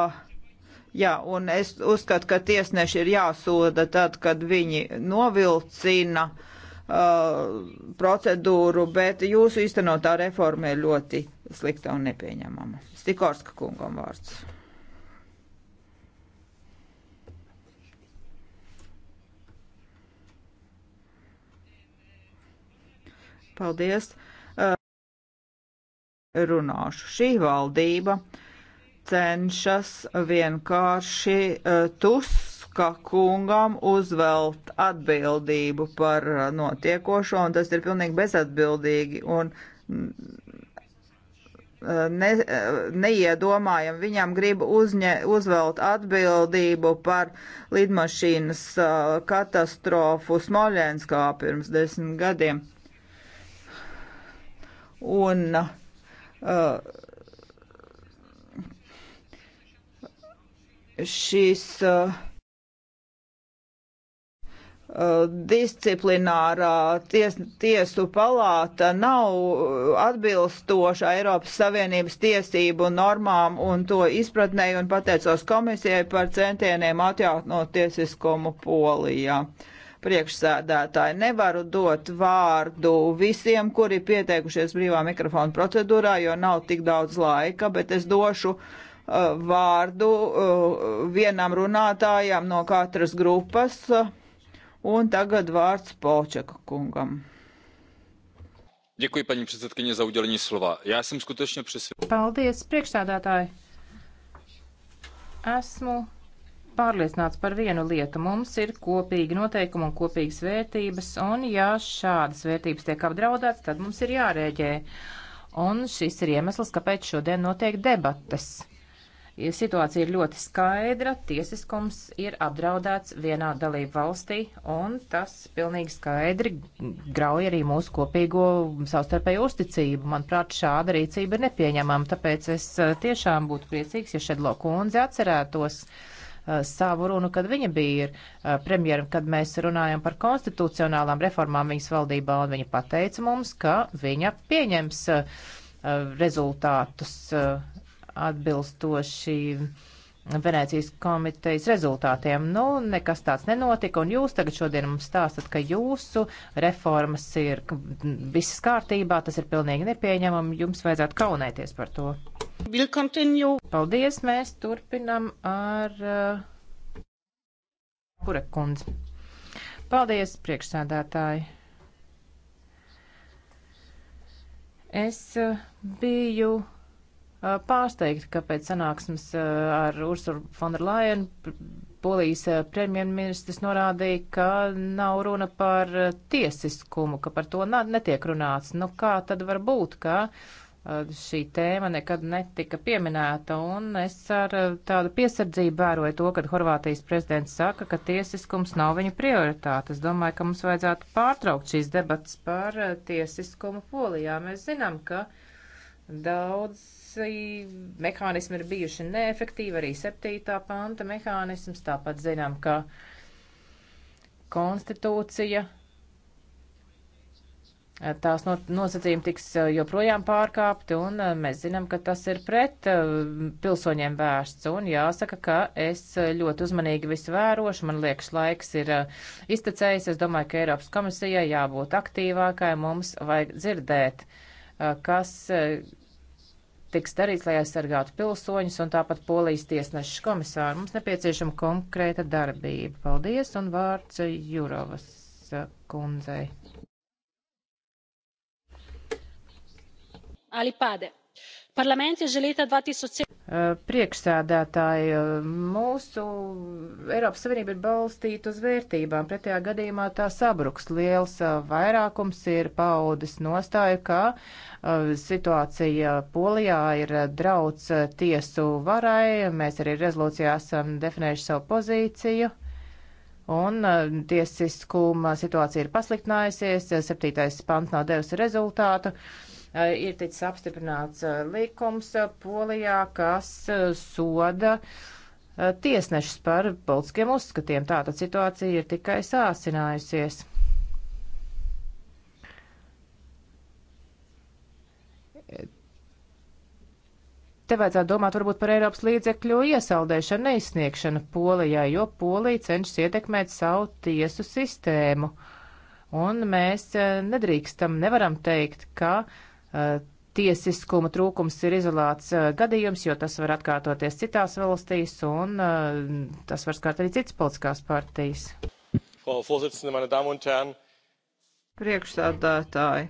A: jā, un es uzskatu, ka tiesneši ir jāsoda tad, kad viņi novilcina uh, Uh, procedūru, bet jūsu īstenotā reforma ir ļoti slikta un nepieņemama. Stikorska kungam vārds. Paldies. Uh, runāšu. Šī valdība cenšas vienkārši uh, tus Tošenovska kungam uzvelt atbildību par uh, notiekošo, un tas ir pilnīgi bezatbildīgi un mm, uh, ne, uh, neiedomājam. Viņam grib uzņē, uzvelt atbildību par lidmašīnas katastrofu Smoļenskā pirms desmit gadiem. Un uh, šīs uh, disciplinārā ties, tiesu palāta nav atbilstoša Eiropas Savienības tiesību normām un to izpratnēju un pateicos komisijai par centieniem atjaunot tiesiskumu polijā. Priekšsēdētāji nevaru dot vārdu visiem, kuri pieteikušies brīvā mikrofona procedūrā, jo nav tik daudz laika, bet es došu uh, vārdu uh, vienam runātājam no katras grupas. Uh, Un tagad vārds Polčaka kungam.
C: Děkuji, paní předsedkyně, za udělení slova. Já jsem skutečně přesvědčen.
A: Paldies, priekšstādātāji.
B: Esmu pārliecināts par vienu lietu. Mums ir kopīgi noteikumi un kopīgas vērtības, un ja šādas vērtības tiek apdraudētas, tad mums ir jārēģē. Un šis ir iemesls, kāpēc šodien notiek debates. Situācija ir ļoti skaidra, tiesiskums ir apdraudēts vienā dalību valstī, un tas pilnīgi skaidri grauj arī mūsu kopīgo savstarpēju uzticību. Manuprāt, šāda rīcība ir nepieņemama, tāpēc es eh, tiešām būtu priecīgs, ja Šedlo kundze atcerētos eh, savu runu, kad viņa bija eh, premjera, kad mēs runājam par konstitucionālām reformām viņas valdībā, un viņa pateica mums, ka viņa pieņems rezultātus atbilstoši Venecijas komitejas rezultātiem. Nu, nekas tāds nenotika, un jūs tagad šodien mums stāstat, ka jūsu reformas ir viss kārtībā, tas ir pilnīgi nepieņemami, jums vajadzētu kaunēties par to. Paldies, mēs turpinam ar uh, Purekundzi. Paldies, priekšsēdētāji. Es uh, biju Eh, pārsteigti, ka pēc sanāksmes eh, ar Ursulu von der Leyen polijas eh, premjerministrs norādīja, ka nav runa par tiesiskumu, ka par to netiek runāts. Nu, kā tad var būt, ka šī tēma nekad netika pieminēta, un es ar tādu piesardzību vēroju to, kad Horvātijas prezidents saka, ka tiesiskums nav viņa prioritāte. Es domāju, ka mums vajadzētu pārtraukt šīs debats par tiesiskumu polijā. Mēs zinām, ka uh, Daudzi mehānismi ir bijuši neefektīvi, arī septītā panta mehānisms. Tāpat zinām, ka konstitūcija tās nosacījumi tiks eh, joprojām pārkāpti, un eh, mēs zinām, ka tas ir pret eh, pilsoņiem vērsts. Un jāsaka, ka es ļoti uzmanīgi visu vērošu, man liekas, laiks ir iztecējis. Es domāju, ka Eiropas komisijai jābūt aktīvākai, mums vajag dzirdēt, kas tiks darīts, lai aizsargātu pilsoņus un tāpat polijas tiesnešas komisāru. Mums nepieciešama konkrēta darbība. Paldies un vārds Jurovas eh, kundzei. Alipade. Parlament je že leta 2007. Priekšsēdētāji, eh, mūsu Eiropas Savienība ir balstīta uz vērtībām, pretējā gadījumā tā sabruks. Liels eh, vairākums ir paudis nostāju, ka eh, situācija Polijā ir drauds tiesu varai. Mēs arī rezolūcijā esam definējuši savu pozīciju. Un tiesiskuma situācija ir pasliktinājusies, septītais pants nav devis rezultātu. Uh, Eh, ir ticis apstiprināts eh, likums eh, Polijā, kas soda tiesnešus par politiskiem uzskatiem. Tāda situācija ir tikai sāsinājusies. Te vajadzētu domāt varbūt par Eiropas līdzekļu iesaldēšanu, neizsniegšanu Polijai, jo Polija cenšas ietekmēt savu tiesu sistēmu. Un mēs nedrīkstam, nevaram teikt, ka uh, Eh, tiesiskuma trūkums ir izolēts eh, gadījums, jo tas var atkārtoties citās valstīs un eh, tas var skart arī citas politiskās partijas.
A: Priekšsādātāji,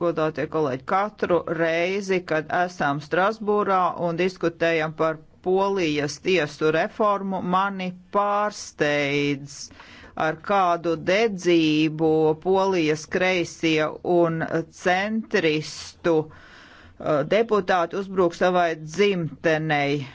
A: godātie kolēģi, katru reizi, kad esam Strasbūrā un diskutējam par polijas tiesu reformu, mani pārsteidz. Uh, ar kādu dedzību polijas kreisie un centristu uh, deputāti uzbruk savai dzimtenei uh,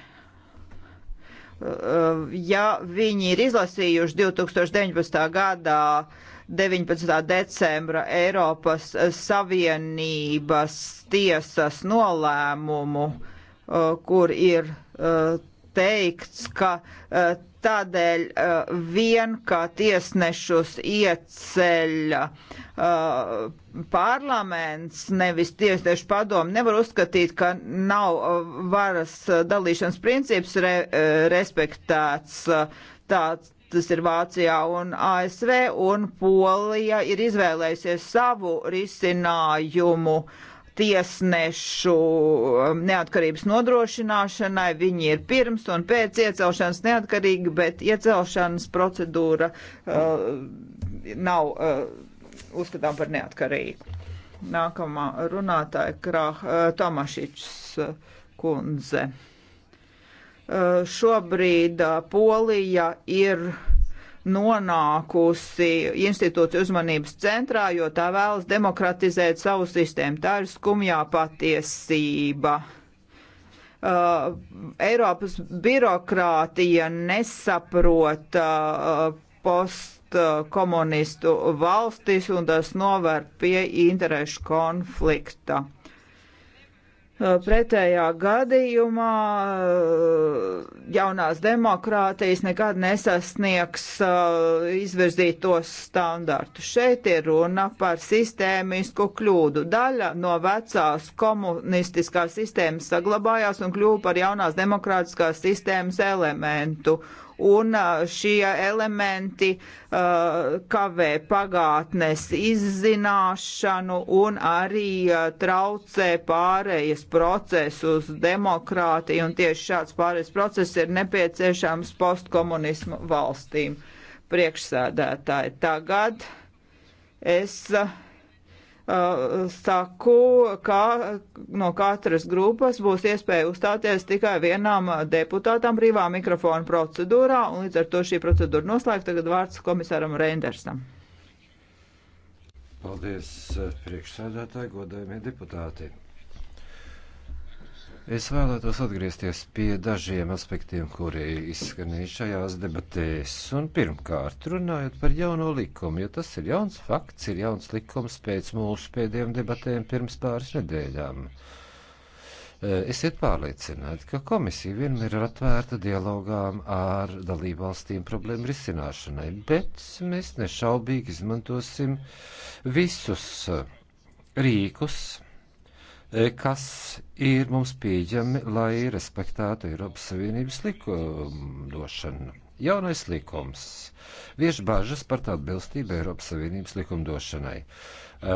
A: ja viņi ir izlasījuši 2019. gadā 19. decembra Eiropas Savienības tiesas nolēmumu, uh, kur ir teikts, ka Tādēļ uh, vien, kā tiesnešus ieceļ uh, parlaments, nevis tiesnešu padomu, nevar uzskatīt, ka nav uh, varas dalīšanas princips re, respektēts. Tāds, tas ir Vācijā un ASV, un Polija ir izvēlējusies savu risinājumu uh, tiesnešu um, neatkarības nodrošināšanai. Viņi ir pirms un pēc iecelšanas neatkarīgi, bet iecelšanas procedūra uh, nav uh, uzskatām par neatkarīgu. Nākamā runātāja Krāh uh, Tomašičs uh, kundze. Uh, šobrīd uh, Polija ir nonākusi institūcija uzmanības centrā, jo tā vēlas demokratizēt savu sistēmu. Tā ir skumjā patiesība. Uh, Eiropas birokrātija nesaprot uh, postkomunistu valstis un tas novērt pie interešu konflikta. Eh, pretējā gadījumā eh, jaunās demokrātijas nekad nesasniegs eh, izvirzītos standartus. Šeit ir runa par sistēmisku kļūdu. Daļa no vecās komunistiskās sistēmas saglabājās un kļūpa par jaunās demokrātiskās sistēmas elementu un šie elementi kavē pagātnes izzināšanu un arī traucē pārējas procesu uz demokrātiju, un tieši šāds pārējas process ir nepieciešams postkomunismu valstīm. Priekšsēdētāji, tagad es uh, Uh, saku, ka no katras grupas būs iespēja uzstāties tikai vienām deputātām brīvā mikrofona procedūrā, un līdz ar to šī procedūra noslēgta. Tagad vārds komisāram
C: Reindersam. Paldies, eh, priekšsēdētāji, godējumie deputāti. Es vēlētos atgriezties pie dažiem aspektiem, kuri izskanēja šajās debatēs. Un pirmkārt, runājot par jauno likumu, jo tas ir jauns fakts, ir jauns likums pēc mūsu pēdējiem debatēm pirms pāris nedēļām. E, esiet pārliecināti, ka komisija vienmēr ir atvērta dialogām ar dalībvalstīm problēmu risināšanai, bet mēs nešaubīgi izmantosim visus rīkus, E, kas ir mums pieejami, lai respektētu Eiropas Savienības likumdošanu. Jaunais likums vieš bažas par tā atbilstību Eiropas Savienības likumdošanai e,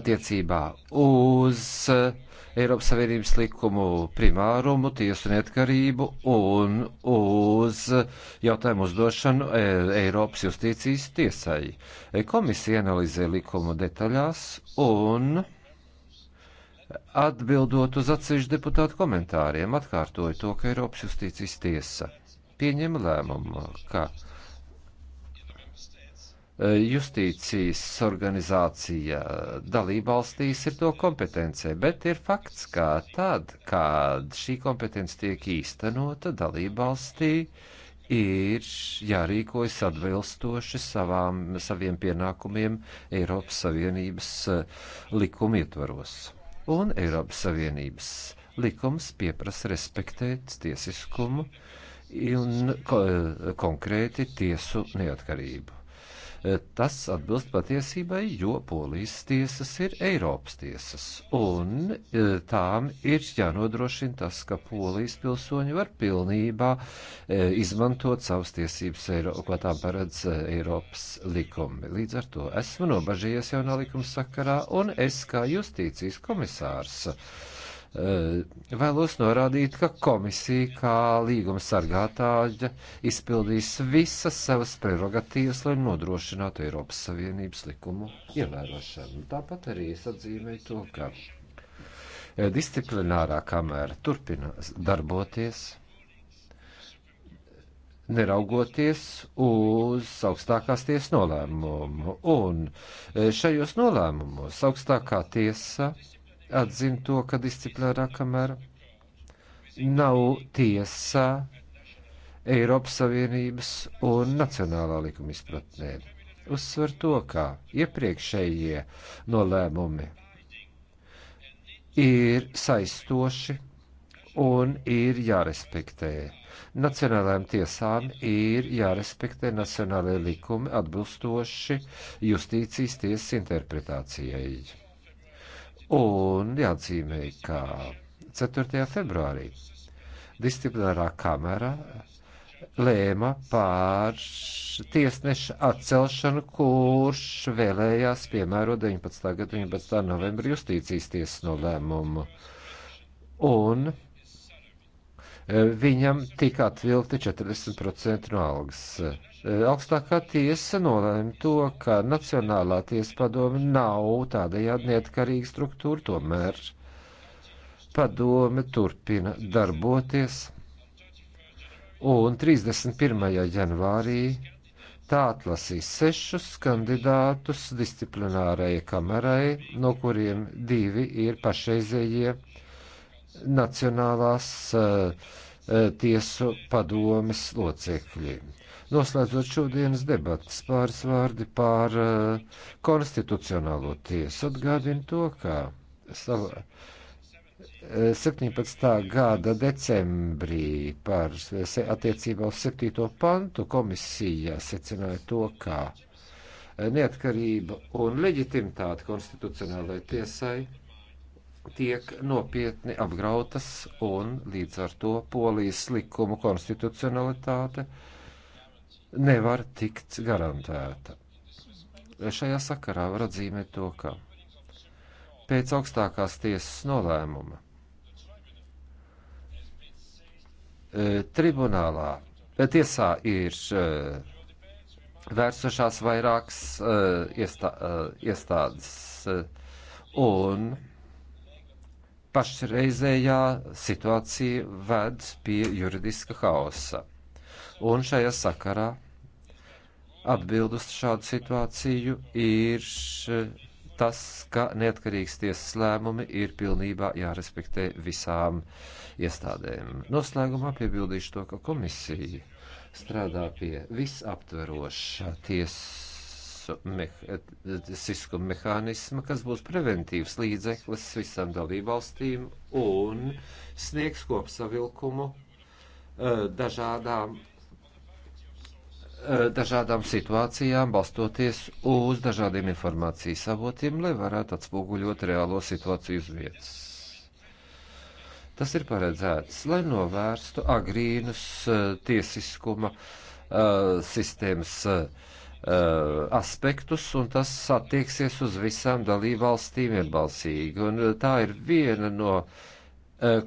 C: attiecībā uz Eiropas Savienības likumu primārumu, tiesu neatkarību un uz jautājumu uzdošanu e, Eiropas justīcijas tiesai. Komisija analizē likumu detaļās un Atbildot uz atsevišķu deputātu komentāriem, atkārtoju to, ka Eiropas justīcijas tiesa pieņēma lēmumu, ka e, justīcijas organizācija dalībvalstīs ir to kompetencē, bet ir fakts, ka tad, kad šī kompetence tiek īstenota dalībvalstī, ir jārīkojas atbilstoši savām, saviem pienākumiem Eiropas Savienības e, likuma ietvaros un Eiropas Savienības likums pieprasa respektēt tiesiskumu un ko, konkrēti tiesu neatkarību. Tas atbilst patiesībai, jo polijas tiesas ir Eiropas tiesas, un e, tām ir jānodrošina tas, ka polijas pilsoņi var pilnībā e, izmantot savas tiesības, Eiro, ko tām paredz e, Eiropas likumi. Līdz ar to esmu nobažījies jaunā likuma sakarā, un es kā justīcijas komisārs. Eh, vēlos norādīt, ka komisija, kā līguma sargātāja, izpildīs visas savas prerogatīvas, lai nodrošinātu Eiropas Savienības likumu ievērošanu. Tāpat arī es atzīmēju to, ka eh, disciplinārā kamēra turpina darboties neraugoties uz augstākās tiesas nolēmumu. Un eh, šajos nolēmumos augstākā tiesa atzina to, ka disciplinārā kamera nav tiesā Eiropas Savienības un nacionālā likuma izpratnē. Uzsver to, ka iepriekšējie nolēmumi ir saistoši un ir jārespektē. Nacionālajām tiesām ir jārespektē nacionālajie likumi atbilstoši justīcijas tiesas interpretācijai. Un jāatzīmē, ka 4. februārī disciplinārā kamera lēma pār tiesneša atcelšanu, kurš vēlējās piemērot 19. gada 19. novembra justīcijas tiesas nolēmumu. Un Viņam tika atvilkti 40% no algas. Eh, augstākā tiesa nolēma to, ka Nacionālā tiesa padome nav tādējādi neatkarīga struktūra, tomēr padome turpina darboties. Un 31. janvārī tā atlasīs sešus kandidātus disciplinārajai kamerai, no kuriem divi ir pašreizējie Nacionālās uh, tiesu padomes locekļi. Noslēdzot šodienas debatas pāris vārdi pār uh, eh, konstitucionālo tiesu, atgādina to, ka sava, uh, 17. gada decembrī par attiecībā uz 7. pantu komisija secināja to, ka neatkarība un leģitimitāte konstitucionālajai tiesai tiek nopietni apgrautas un līdz ar to polijas likumu konstitucionalitāte nevar tikt garantēta. Šajā sakarā var atzīmēt to, ka pēc augstākās tiesas nolēmuma e, tribunālā e, tiesā ir e, vērsušās vairākas iestā, iestādes un pašreizējā situācija ved pie juridiska haosa. Un šajā sakarā atbildus šādu situāciju ir eh, tas, ka neatkarīgs tiesas lēmumi ir pilnībā jārespektē visām iestādēm. Noslēgumā piebildīšu to, ka komisija strādā pie visaptveroša tiesas tiesu meha mehānisma, kas būs preventīvs līdzeklis visām dalībvalstīm un sniegs kopsavilkumu uh, dažādām, uh, dažādām situācijām, balstoties uz dažādiem informācijas avotiem, lai varētu atspoguļot reālo situāciju uz vietas. Tas ir paredzēts, lai novērstu agrīnus uh, tiesiskuma uh, sistēmas uh, Uh, aspektus, un tas attieksies uz visām dalībvalstīm vienbalsīgi. Un uh, tā ir viena no uh,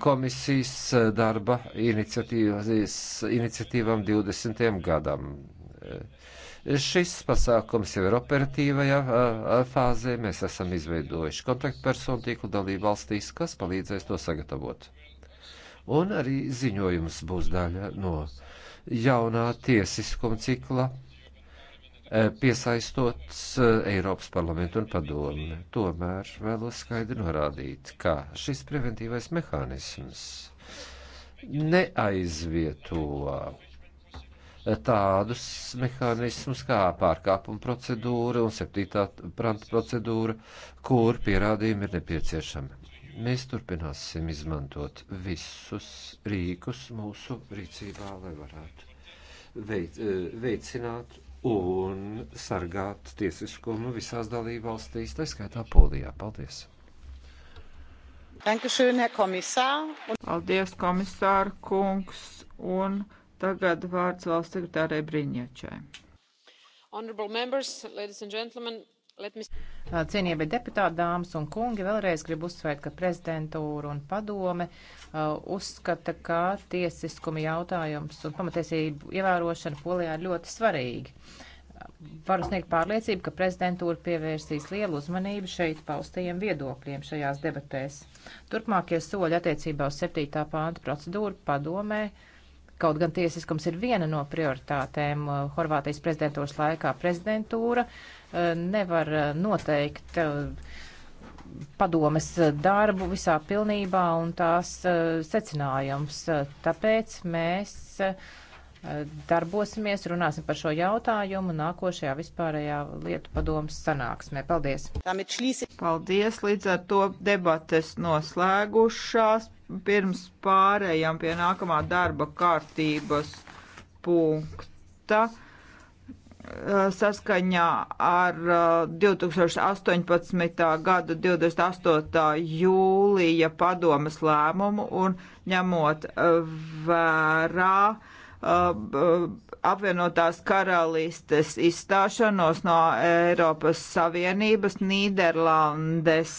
C: komisijas darba iniciatīvām 20. gadam. Šis pasākums jau ir operatīvajā fāzē. Mēs esam izveidojuši kontaktpersonu tīklu dalību valstīs, kas palīdzēs to sagatavot. Un arī ziņojums būs daļa no jaunā tiesiskuma cikla piesaistot eh, Eiropas parlamentu un padomi. Tomēr vēlos skaidri norādīt, ka šis preventīvais mehānisms neaizvieto tādus mehānismus kā pārkāpuma procedūra un septītā pranta procedūra, kur pierādījumi ir nepieciešami. Mēs turpināsim izmantot visus rīkus mūsu rīcībā, lai varētu eh, veicināt un sargāt tiesiskumu visās dalībvalstīs, tā skaitā Polijā. Paldies!
A: Dankeschön, Herr Kommissar. Paldies, komisāra kungs, un tagad vārds valsts sekretārei Briņķai.
C: Honorable
B: members, ladies and gentlemen, Uh,
A: cienījamie deputāti, dāmas un kungi, vēlreiz
B: gribu uzsvērt, ka prezidentūra un padome uh, uzskata, ka tiesiskuma jautājums un pamatiesību ievērošana Polijā ir ļoti svarīgi. Varu sniegt pārliecību, ka prezidentūra pievērsīs lielu uzmanību šeit paustajiem viedokļiem šajās debatēs. Turpmākie soļi attiecībā uz 7. pānta procedūru padomē Kaut gan tiesiskums ir viena no prioritātēm uh, Horvātijas prezidentūras laikā, prezidentūra nevar eh, noteikt eh, padomes darbu visā pilnībā un tās eh, secinājums. Tāpēc mēs darbosimies, runāsim par šo jautājumu nākošajā vispārējā lietu padomas sanāksmē. Paldies!
A: Paldies! Līdz ar to debates noslēgušās. Pirms pārējām pie nākamā darba kārtības punkta. Uh, saskaņā ar 2018. Uh, gada 28. jūlija padomas lēmumu un ņemot uh, vērā apvienotās karalistes izstāšanos no Eiropas Savienības Nīderlandes